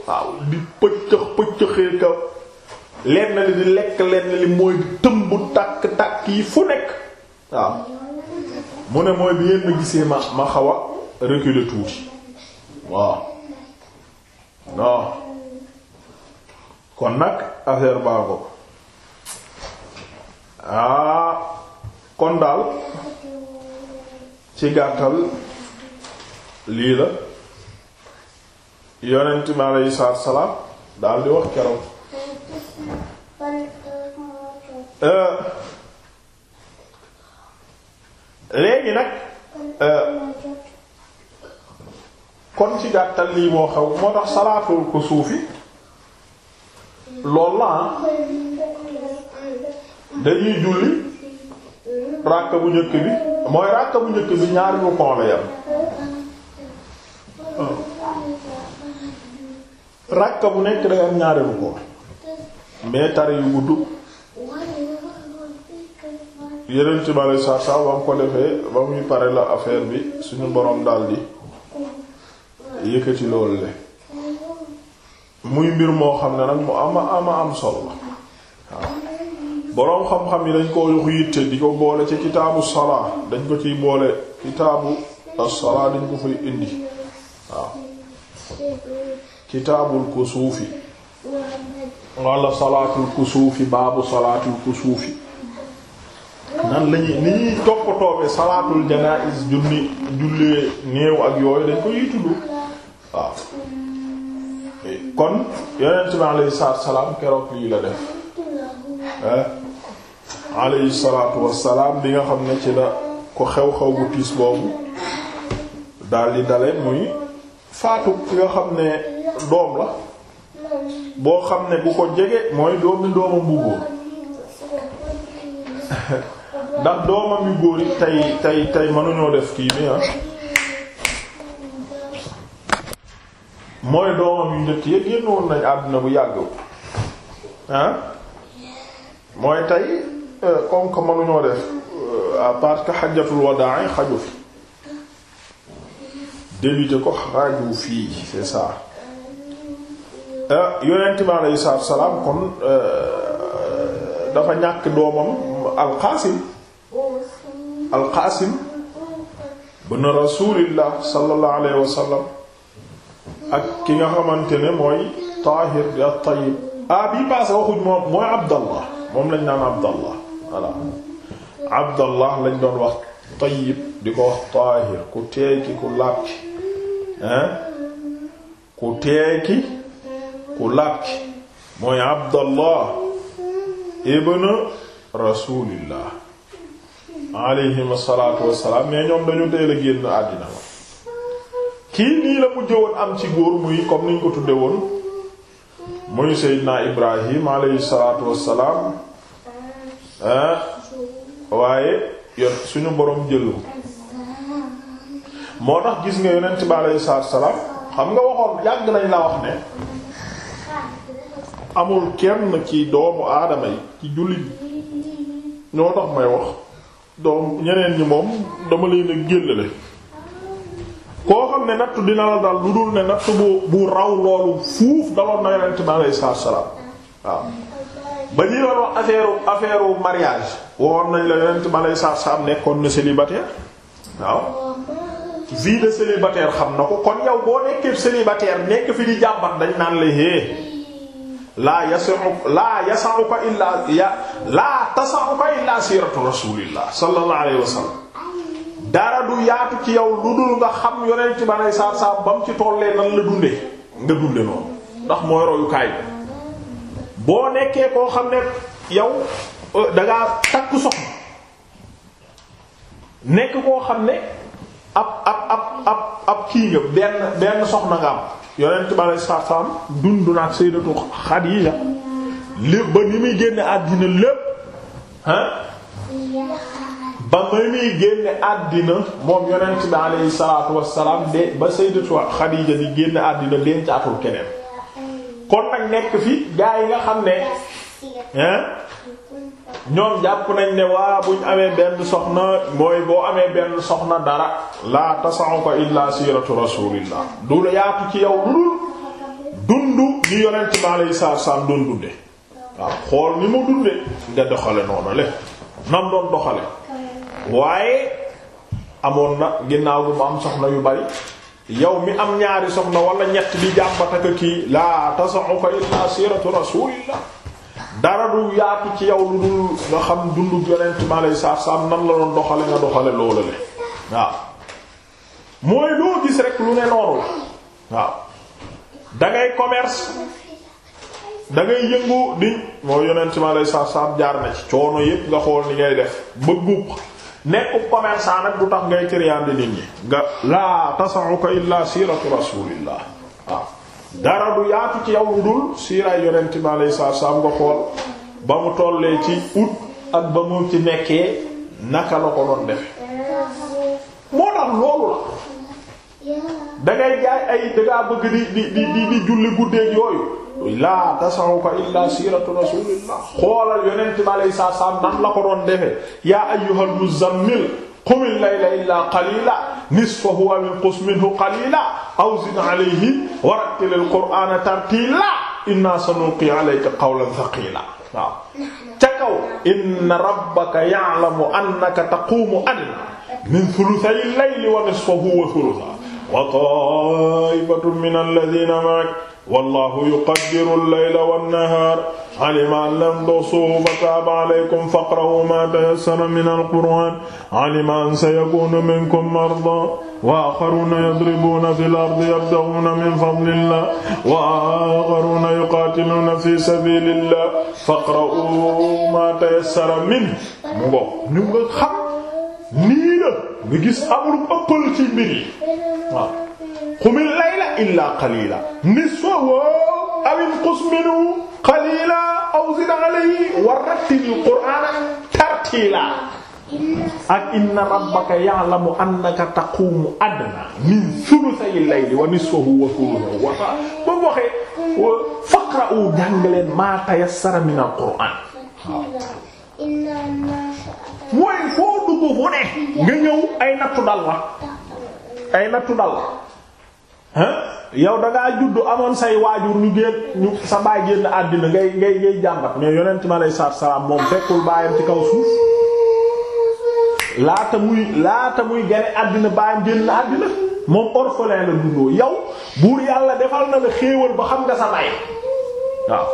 waaw di pëccëx pëccëxee ka lenn li di lekk lenn li mooy tëmb tàkk tàkk yi fu nekk waaw mu ne mooy bi ngeen gisee ma ma reculer tuuti waaw waaw kon nag affaire baa ko ah, kon daal ci gàttal lii la yonent mi aleyhi salaatu salaam daal di wax keroog euh, léegi nag euh, kon ci gàttal lii moo xew moo tax salaatul kusuufi lool la ah. dañuy julli ràkk bu njëkk bi mooy ràkka bu njëkk bi ñaari rukkoo la yam oh. ràkka bu nekk day am ñaari rukkoo mais tari yu gudd yeneen ci bari saa saa ba mu ko defee ba muy pare la affaire bi suñu borom boroom daldi yëkkati loolu le muy mbir moo xam ne nag mu ama ama am solo waaw boroom xam-xam yi dañ koo yoxu di ko boole ci kitaabu salaa dañ ko ciy boole kitaabu as-salaa dañ ko fay indi waaw kitaabul kusuufi walla salaatul kusuufi baabu salaatul kusuufi nan lañuy ni ñuy toppatoobe salaatul janaa'iz jullee néew ak yooyu dañ ko yiy tudd waaw kon yonent salaam keroog lii la def alayhi salaatu salaam bi nga xam ne ci la ko xew-xew bu tiis boobu daal di dale muy faatu ki nga xam ne doom la boo xam ne bu ko jege mooy doomi doomam bu góor ndax yi tey tey tey mënuñoo def kii bi ah mooy doomam yu njëkk yi génn woon nañ àdduna bu yàgg ah mooy tey Euh, comme que mënuñoo def euh, à part xajatul wadaa xaju fi débuté ko xaju fii c'est ça euh, yonent bi aleyhi salaam kon dafa ñàkk doomam alqaasim alqaasim ibn rasulillah sallallahu alayhi wa sallam ak ki nga xamante ne mooy taahir di at-tayyib ah bii paase waxuñ moom mooy abdallah moom lañ naan abdallah voilà abdallah lañ doon wax tayyib di ko wax taahir ku teeki ku laab ki hein ku teeki ku laab ki mooy abdallah ibn rasulillah alayhim salaatu wassalaam mais ñoom dañu teel a génn àddina la kii nii la mujj woon am ci góor muy comme niñ ko tudde woon muy seydina ibrahim alayhi salaatu wassalaam Ah. waaye yor suñu borom jël moo tax gis nga yonent bi alayhi salaatu salaam xam nga waxoon yàgg nañ la wax ne amul kenn ci doomu aadama yi ci jullit ñoo tax may wax doom ñeneen ñi moom dama leen a géllale koo xam ne nattu dina la dal lu dul ne nattu bu bu raw loolu fuuf daloon na yonent bi alayhi salaatu salaam waaw ba ñuy war wax affaire affaire mariage woon nañ la yonent ma lay saaf saaf nekkoon na célibataire waaw vie de xam na ko kon yow boo nekkee célibataire nekk fi di jàmbat dañ naan la hé laa yasaxu laa yasaxu ko illaa ya laa tasaxu ko illaa siiratu rasuulillah sallallahu alayhi dara du yaatu ci yow lu dul nga xam yonent ma lay saaf saaf ba mu ci tollee nan la dunde nga dunde noonu ndax mooy royukaay bi boo nekkee koo xam ne yow euh, dangaa takk soxna nekk koo xam ne ab ab ab ab kii nga benn benn soxna nga am yonent ba lay sarsam dund na ak sayyidatu Xadiija lépp ba ni muy génne àddina lépp hein ba nga muy génne àddina moom yonent bi alayhi salaatu wassalaam de ba sayyidatu Xadiija di génne àddina denc atul keneen kon ak nekk fi gaa yi nga xam ne hein ñoom jàpp nañ ne waa buñ amee benn soxna mooy boo amee benn soxna dara laa tasaxu ko illaa siiratu rasuulillah du la yaatu ci yow lu dundu ni yonent bi alayhi salaatu salaam doon dunde waaw xool ni mu dunde nga doxale noonu le nam doon doxale waaye amoon na ginnaaw bi mu am soxna yu bari yow mi am ñaari soxna wala ñett di jàmbataka kii laa tasaxuka illaa siratu rasulillah dara du yaatu ci yow lu dul nga xam dundu yonent mi aleyhi salaatu nan la doon doxale nga doxale loola le waaw mooy loo gis rek lu ne noonu la waaw dangay commerce dangay yëngu di mooy yonent mi aleyhi salaatu jaar na ci coono yépp nga xool ni ngay def bëggu nekku commerçant nag du tax ngay tëriande nit ñi nga laa tasauka illaa siratu rasulillah waaw ah, dara du yaatu ci yow dul siiraay yonent bi alayhi nga xool ba mu tollee ci ut ak ba mu ci nekkee naka la ko doon defe moo tax loolu la dangay jaay ay dangaa bëgg di di di di julli guddeeg yooyu laa tasawuka illa siiratu rasulillah xoolal yonent bi alayhi salaam nan la ko doon defee yaa ayyuhal muzzammil qumil layla illaa qaliila nisfahu aw inqus minhu qaliila aw zid alayhi warattilil qur'aana tartiila inna sanulqi alayka qawlan thaqiila waaw ca kaw inna rabbaka ya'lamu annaka taquumu adnaa min thuluthay layli wa nisfahu wa thuluthahu wa taa'ifatun minal ladhiina ma'aka wallahu yuqaddiru al-layla wan-nahaar alima an lam tuhsuuhu fataaba alaykum faqra'uu maa tayassara mina al-qur'aan alima an sayakuunu minkum mardaa wa axaruuna yadribuuna fil ardi yabtaghuuna min fadlillaah wa axaruuna yuqaatiluuna fii sabiilillaah faqra'uu maa tayassara minhu mu ngo ñu nga xam nii la nga gis amul ëppal ci mbir yi waaw qumil layla illaa qalila nisfahu aw inqus minhu qalila aw zid alayhi wa rattilil qur'ana tartila ak inna rabbaka ya'lamu annaka taqumu adna min thuluthay al-layli wa nisfahu wa thuluthahu wa ba mu waxee faqra'u jàng leen maa tayassara min al-Qur'an mooy foo dugg fu ne nga ñëw ay nattu dal la ay nattu dal la yow da ngaa judd amoon say waajur ñu génn ñu sa baay génn àddina ngay ngay ngay jàmbat mais yonent mi aleyhi salaatu salaam moom fekkul baayam ci kaw suuf laata muy laata muy gane àddina baayam génn àddina moom orphelin la dundoo yow buur yàlla defal na la xéewal ba xam nga sa baay waaw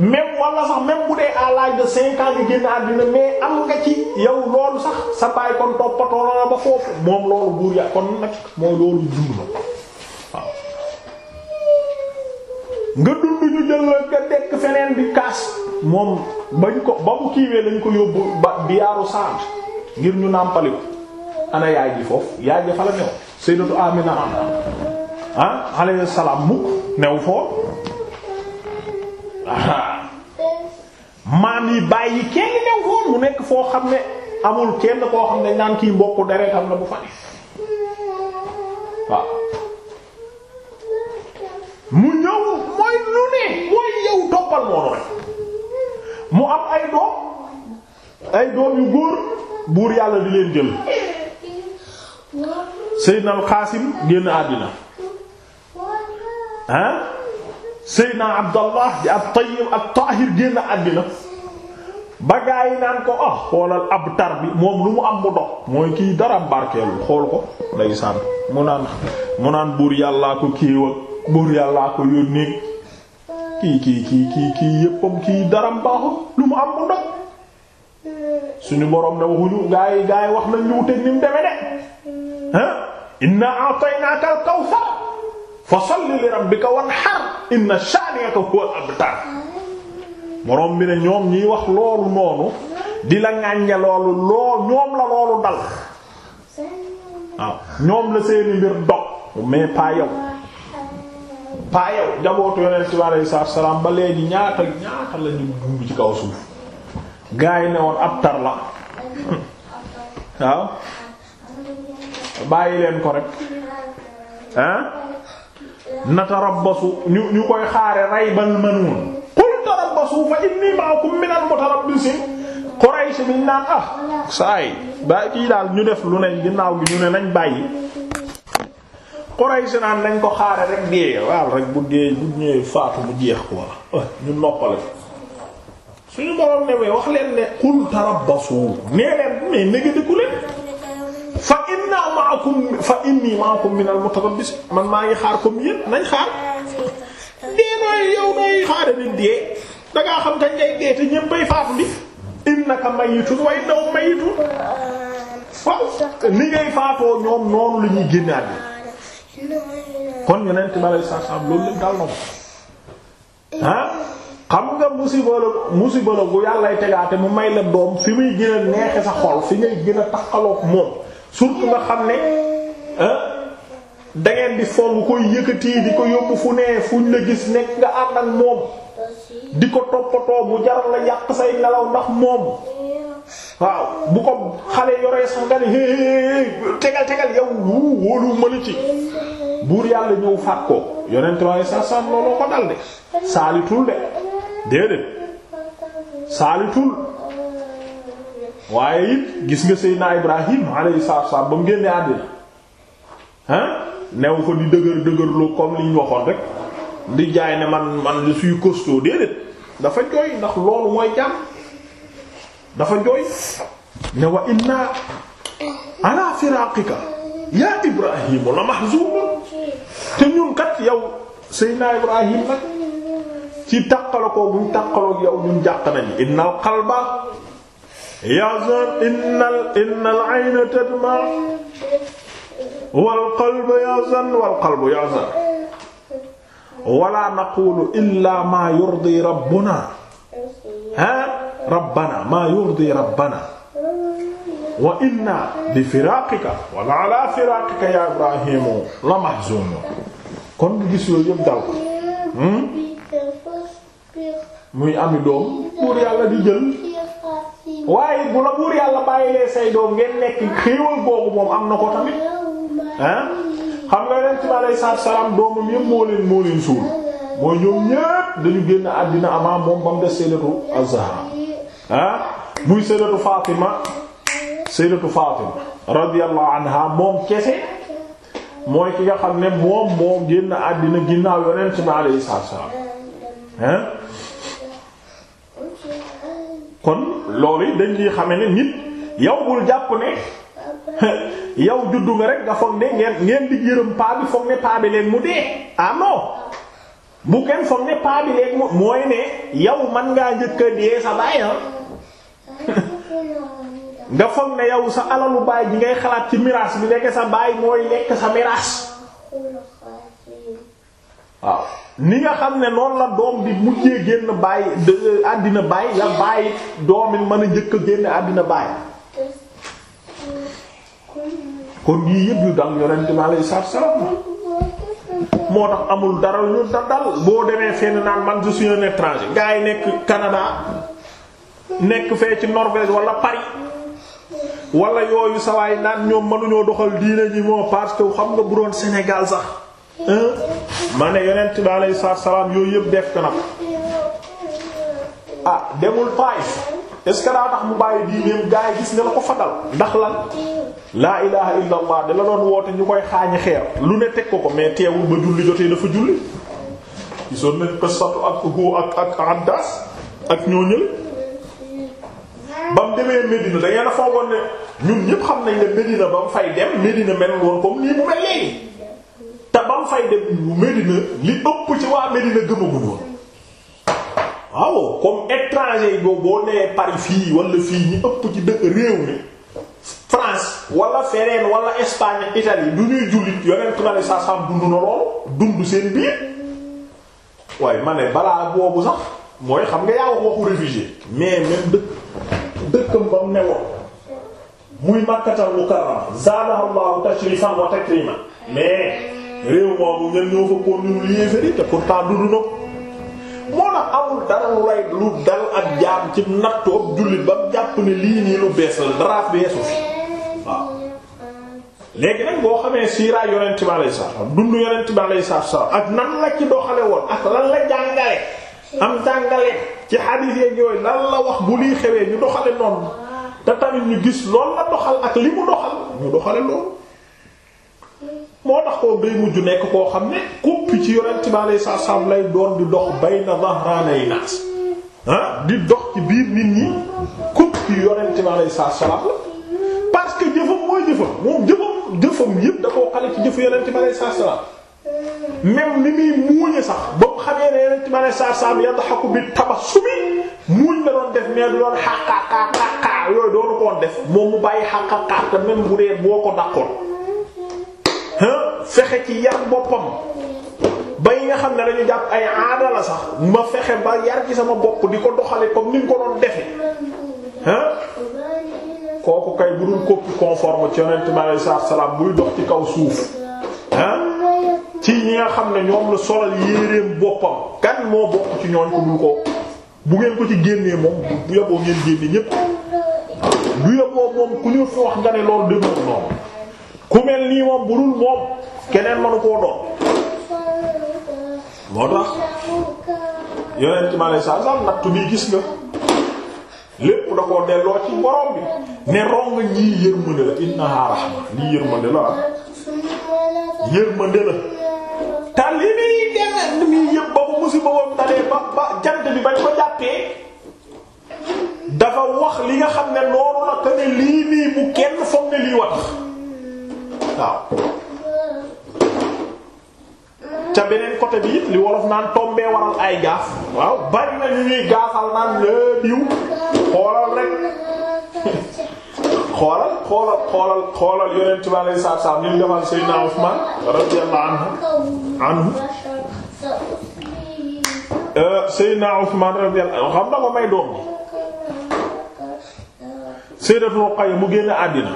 même wala sax même bu dee à l'âge de cinq ans génn àddina mais am nga ci yow loolu sax sa baay kon toppatoo la ba foofu moom loolu buur yàlla kon nag mooy loolu dund na nga dund ñu jël la nga dekk feneen bi kaas moom bañ ko ba mu kiiwee lañ ko yóbbu ba biyaaru Saad ngir ñu nàmpali ko ana yaay ji foofu yaay ji fa la new sayyidatu Amina ah alayhi salaam mukk new foofu maam yi bàyyi kenn new foofu mu nekk foo xam ne amul kenn koo xam ne naan kii mbokku deretam la bu fa def xol moo nooy mu am ay doom ay doom yu góor buur yàlla di leen jël Seydina al génn àddina ah Seydina Abdallah di ab Tayyib ab Tahir génn àddina ba naan ko ah xoolal ab tar bi moom lu mu am mu dox mooy kii dara barkeelu xool ko ndeysaan mu naan mu naan buur yàllaa ko kiiw buur yàllaa ko yónneek kii kii kii kii kii yëppam kii daram baaxul lu mu am mu dog suñu borom ne waxuñu gaa yi wax nañ ñu wuteeg ni de inna a'taynaka al-kawsar fa salli li rabbika wanhar inna shani'aka huwa abtar borom bi ne ñoom ñiy wax loolu noonu di la ŋàññe loolu ñoom la loolu dal waaw ñoom la seeni mbir dog mais pas yow paa yow njabootu yonent bi alayhi salaatu salaam ba léegi ñaata ñaata la ñu ci kaw suuf gaa yi ne woon ab tar la waaw bàyyi leen ko rek ah natarabbasu ñu ñu koy xaare raybal manuun qul tarabbasu fa inni ma'akum minal mutarabbisiin Quraysh biñ naan ah saay ba kii daal ñu def lu ne ginnaaw gi ñu ne nañ bàyyi Quraysh naan nañ ko xaare rek dee waaw rek bu dee bu ñëwee faatu mu jeex quoi eh, ñu noppale suñu borom ne wax leen ne qul tarabbasu nee leen mais négadiku leen fa inna ma'akum fa inni ma'akum minal mutarabbisin man maa ngi xaar comme yéen nañ xaar dee nooy yow nooy xaare ni dee dangaa xam kañ ngay dee te ñépp bay faatu di innaka mayitun way daw mayitun waaw ngay faatoo ñoom noonu la ñuy génnaat kon yonent bi saa salaam loolu lépp dal na ko ah xam nga musiba la musiba la bu yàllay tegaate mu may la doom fi muy gën a neexe sa xol fi ngay gën a taxaloog moom surtout nga xam ne da ngeen di fonk koy yëkkati di ko yóbbu fu nee fuñ la gis nekk nga ànd ak moom di ko toppatoo mu jaral la yàq say nelaw ndax moom waaw bu ko xale yore sax nga ne tegal tegal yow wuu wóolu ma ci buur yàlla ñëw faat ko yonent waaye sax looloo ko dal de saalitul de déedéet saalitul waaye it gis nga Seydina Ibrahim alayhi salaatu wassalaam ba mu génnee àddina ah new fa di dëgër dëgër lu comme liñ waxoon rek di jaay ne man man je suis costaud déedéet dafa jooy ndax loolu mooy jàmm. dafa jooy ne wa inna ala firaqika ya ibrahimu la mahzun te ñun kat yow seydina ibrahim nag ci tàqala ko buñ tàqaloog yow ñun jàq nañu innal qalba yazan innal innal ayna tadma wal qalbu yazan wal qalbu yazan wala naqulu illa ma yurdi rabbuna ah rabbana maa yurdi rabbana wa inna bi firaaqika wala ala firaaqika ya ibrahimu la mahzunu kon nga gis yooyu yëpp dal ko hmm? muy ami doom buur yàlla di jël waaye bu la buur yàlla bàyyilee say doom ngeen nekk xéewal googu moom am na ko tamit ah xam nga yonent bi alayhi salaam doomam yëpp moo leen moo leen suul mooy ñoom ñépp dañu génn àddina amaa moom ba mu des sayyidatu az-Zahra ah muy sayyidatu Fatima sayyidatu Fatima radiyallahu anha moom kese mooy ki nga xam ne moom moom génn àddina ginnaaw yonent bi alayhi salaam ah kon loolu dañ ciy xame ne nit yow bul jàpp ne yow juddu nga rek nga foog ne ngeen ngeen di yërëm paa foog ne paa leen mu dee ah non bu kenn foog ne paa bi léegi mooy ne yow man ngaa njëkk a dee sa baay ah. nga foog ne yow sa alalu baay ji ngay xalaat ci miraas bi nekk sa baay mooy lekk sa miraas waaw ni nga xam ne noonu la doom bi mujjee génn baay àddina baay la baay doomi mën a jëkk a génn àddina baay kon yii yëpp yu dal yonent bi alayhi salaam moo tax amul dara ñu da boo demee fenn naan man je suis un étranger gars yi nekk Canada nekk fee ci norvege walla Paris walla yooyu sawaay naan ñoom mënuñoo doxal diine ji moo parce que xam nga bu doon Sénégal sax ma ne yonent bi sa salaam yooyu yëpp def na ko ah demul Taif est-ce que daa tax mu bàyyi diineem gaa yi gis ne la ko fatal ndax lan laa ilaha illa allah la doon woote ñu koy xaañi xeer lu ne teg ko ko mais teewul ba julli jotee dafa julli gisoon nañ qissatu ak Hu ak ak Addas ak ñoo ñël ba mu demee Medina da ngeen a foogoon ne ñun ñëpp xam nañ ne Medina ba mu fay dem Medina mel woon comme nii mu mel léegi te ba mu fay dem Medina li ëpp ci waa Medina gëmaguñ waaw comme étranger yi boobu boo nee Paris fii wala fii ñu ëpp ci dëkk réew mi France walla fereen wala Espagne Italie du ñuy jullit yonent na ne saa saam na lool dund seen biir waaye ma balaa boobu sax mooy xam nga yaa wax waxu réfugié mais même dëkk dëkkam ba mu ne woon muy Makkatal Mukarrama zaadahallahu tashrifan wa takriman mais réew moomu ñen ñoo fa ko ñu yéefari te pourtant dund na dara lu lay lu dal ak jaam ci nattu ak jullit ba mu jàpp ne lii nii lu bees la dara beesu fi waaw léegi nag boo xamee siiraay yonent bi alayhi salaam dund yonent bi alayhi salaam ak nan la ci doxale woon ak lan la jàngale am jàngale ci xadiis yeeg yooyu lan la wax bu lii xewee ñu doxale noonu te tamit ñu gis lool la doxal ak li mu doxal ñu doxale loolu moo tax koo day mujj nekk koo xam ne kuppi ci yonent lay saa salaam lay doon di dox bayna zahranay naas ah di dox ci biir nit ñi kuppi yonent bi alayhi salaam la parce que jëfam mooy jëfam moom jëfam jëfam yépp da koo xale ci jëfu yonent bi alayhi salaam même ni muy muuñe sax ba mu xamee ne yonent bi alayhi salaam yadhaku bi tabassumi muuñ la doon def mais du doon xaqaqaqaqa yooyu doonu koon def moom mu bàyyi xaqaqaqa même bu dee boo ko dàqoon fexe ci yar boppam ba yi nga xam ne dañu jàpp ay aada la sax ma fexe ba yar ci sama bopp di ko doxale comme ni nga ko doon defe kooku kay bu dul koppi conforme ci yonent buy dox ci kaw suuf ci ñi nga xam ne ñoom la solal yéreem boppam kan moo bokk ci ñooñ ko dul ko bu ngeen ko ci génnee moom bu yaboo ngeen génne ñépp du yaboo moom ku ñu fi wax nga ne loolu dëgg noonu ku mel nii moom bu dul moom keneen manu koo doon moo tax yeneen ma lay saa saa nattu bi gis nga lépp da koo delloo ci borom li dafa wax li nga xam ne noonu la que ne lii nii bu kenn foog ne lii wax. waaw ca beneen côté bi it li wolof naan tombee waral ay gaaf waaw bari na ñu ñuy gaafal naan laa diw xoolal rek xoolal xoolal xoolal xoolal yonent bi alayhi salaatu salaam ñu defal Seydina Usmaan radiyallahu anhu anhu euh, Seydina àddina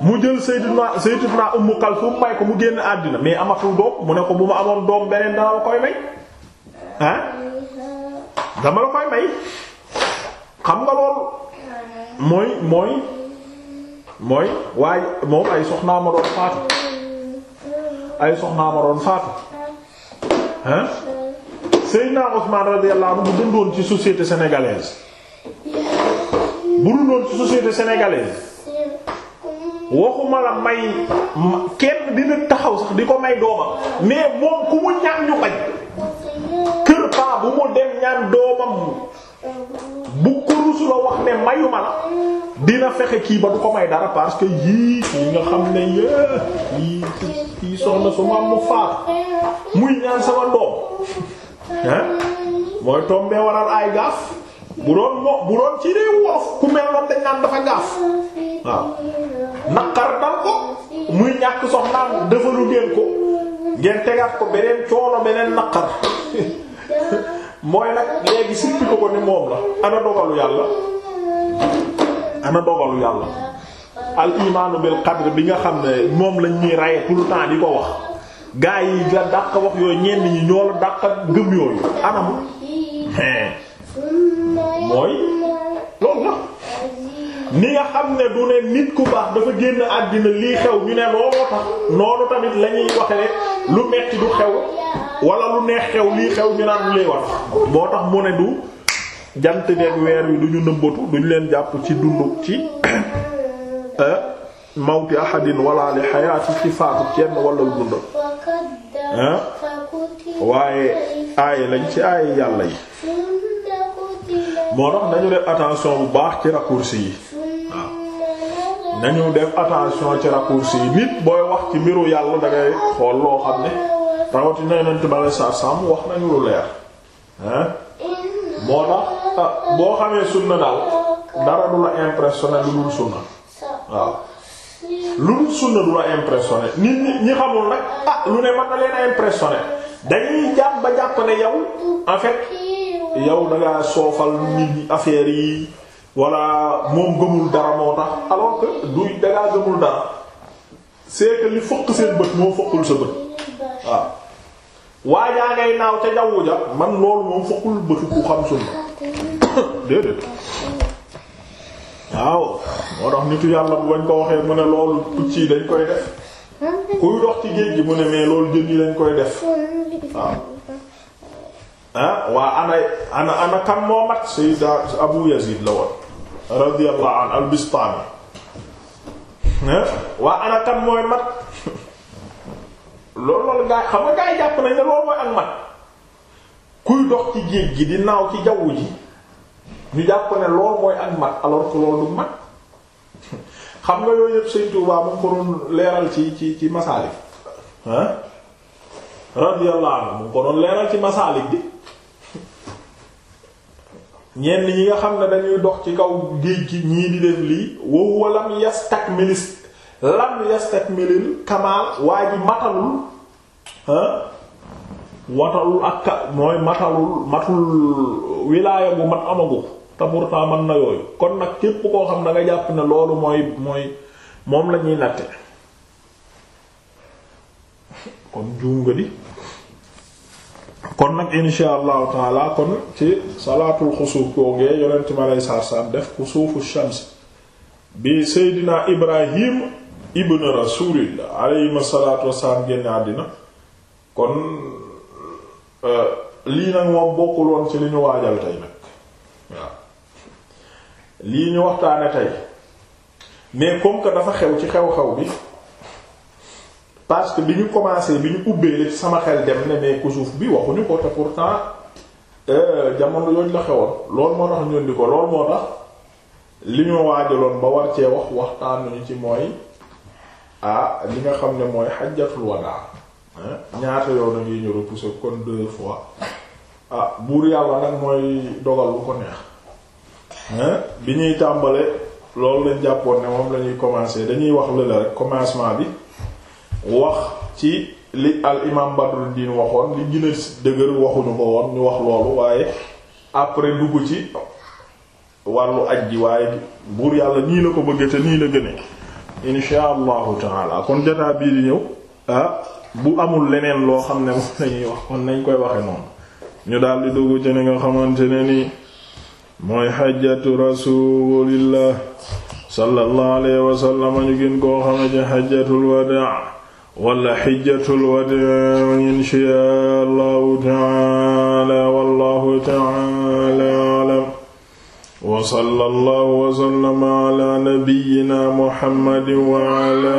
mu jël sayyiduna sayyidatuna ummu kalsum may ko mu génn àddina mais amatul doom mu ne ko bu ma amoon doom beneen dana la koy may ah dama la koy may xam nga loolu mooy mooy mooy waaye moom ay soxnaa ma doon faatu ay soxnaa ma doon faatu ah Seydina Ousmane radiyallahu anhu bu dundoon ci société sénégalaise bu dundoon ci société sénégalaise waxuma la may kenn dina taxaw sax di ko may doomam mais moom ku mu ñaan ñu bañ kër ba bu mu dem ñaan doomam bu ko la wax ne mayuma la dina fexe kii ba du ko may dara parce que yii yi nga xam ne yé yii yii soxna su ma mu faatu muy ñaan sama doom mooy tombee waral ay gaaf bu doon moo bu doon ci réew wolof ku mel noonu dañ naan dafa gaaf waaw naqar dal ko muy ñàkk soxnaam defalu ngeen ko ngeen tegaat ko beneen coono beneen naqar mooy léegi sippi ko ko ni moom la ana dogalu yàlla ana dogalu yàlla al imaanu bi nga xam ne moom lañ ñuy raye tout le di ko wax gaa yi la dàq wax yooyu ñenn ñi ñoo la dàq gëm yooyu anam mooy loolu la ni nga xam ne du ne nit ku baax dafa génn àddina lii xew ñu ne looloo tax noonu tamit la ñuy lu metti du xew walla lu neex xew lii xew mi naan lay wax boo ne du jant beeg weer wi du ñu leen jàpp ci dundu ci euh, mawti ahadin wala li xayaati ci faatu wala lu dund waaye aay lañ ci aay yàlla yi moo tax nañu def attention bu baax ci raccourci yi waaw nañu def attention ci raccourci yi nit booy wax ci mbiru yàlla da ngay xool loo xam ne rawatina yonent bi aleyhi salaatu salaam wax nañu lu leer ah moo tax ah, boo xamee sunna daal dara du la lu dul sunna waaw lu dul sunna du la nit ñi ñi xamul nag ah lu ne mën na leen a dañuy jàpp ba jàpp ne yow yow dangaa soofal nit ñi affaire yi wala moom gëmul dara moo tax alors que du dangaa gëmul dara c'est li fëq seen bët moo fëqul sa bët waaw waajaa ngay naaw ca jawwu ja man loolu moom fëqul bëtu ku xam sunna déedéet waaw moo tax nitu yàlla bu bañ ko waxee mu ne loolu picc yi dañ koy def kuy dox ci géej gi mu ne mais loolu jën yi dañ koy def waaw waa ana ana ana moo mat sayyid abu yazid la woon radiyallahu an al waa ana mooy mat loolu loolu gaa xam nga jàpp nañ ne loolu mooy ak mat kuy dox ci géej gi di naaw ci jaww ji ñu jàpp ne loolu mooy ak mat alors que loolu mat xam nga yooyu yëpp Sëriñ Tuubaa mu ko leeral ci ci ci masaalik mu ko leeral ci masaalik bi ñenn yi nga xam ne dañuy dox ci kaw géej gi ñii di def lii wow lam yastakmilis lam yastakmilil kamaal waa ji matalul ah watalul ak ka mooy matalul matul wilaaya bu mat amagu te pourtant man na yooyu kon nag képp koo xam ne nga jàpp ne loolu mooy mooy moom la ñuy natte kon juum di kon nag insha allahu taala kon ci salaatul xusuuf googee yonent mi aleyhi salaatu salaam def xusuufu shams bi seydina ibrahim ibn rasulillah aleyhi salaatu wasalaam génn àddina kon euh, lii nag moom bokkul woon ci li ñu waajal tey nag waaw lii ñu waxtaane tey mais comme que dafa xew ci xew-xew bi parce que bi ñu commencé bi ñu ubbee lépp sama xel dem ne mais kusuuf bi waxuñu ko te pourtant euh, jamono yooyu la xewoon loolu moo tax ñun di ko loolu moo tax li ñu waajaloon ba war cee wax waxtaanuñu ci mooy ah li nga xam ne mooy xajjatul wadaa ñaata yoon ngi ñu repoussé kon deux fois ah buur yàlla nag mooy dogal bu ko neex bi ñuy tàmbale loolu lañ jàppoon ne moom la ñuy commencé dañuy wax lële rek commencement bi wax ci li al imam Badruddin waxoon li gën a dëgër waxuñu ko woon ñu wax loolu waaye après dugg ci wàllu aj ji waaye buur yàlla nii la ko bëgg te nii la gëne insha allahu taala kon jataa bii di ñëw ah, bu amul leneen loo xam ne moom lañuy wax kon nañ koy waxe noonu ñu daal di dugg ci ni nga xamante ne nii mooy xajjatu rasulillah sallallahu alayhi wa sallam ñu gën koo xamante xajjatul wadaa wala xijjatul wadaa inshaa allahu taala wallahu taala alam wa sallallahu wa sallama ala nabiyyina muhammadin wa ala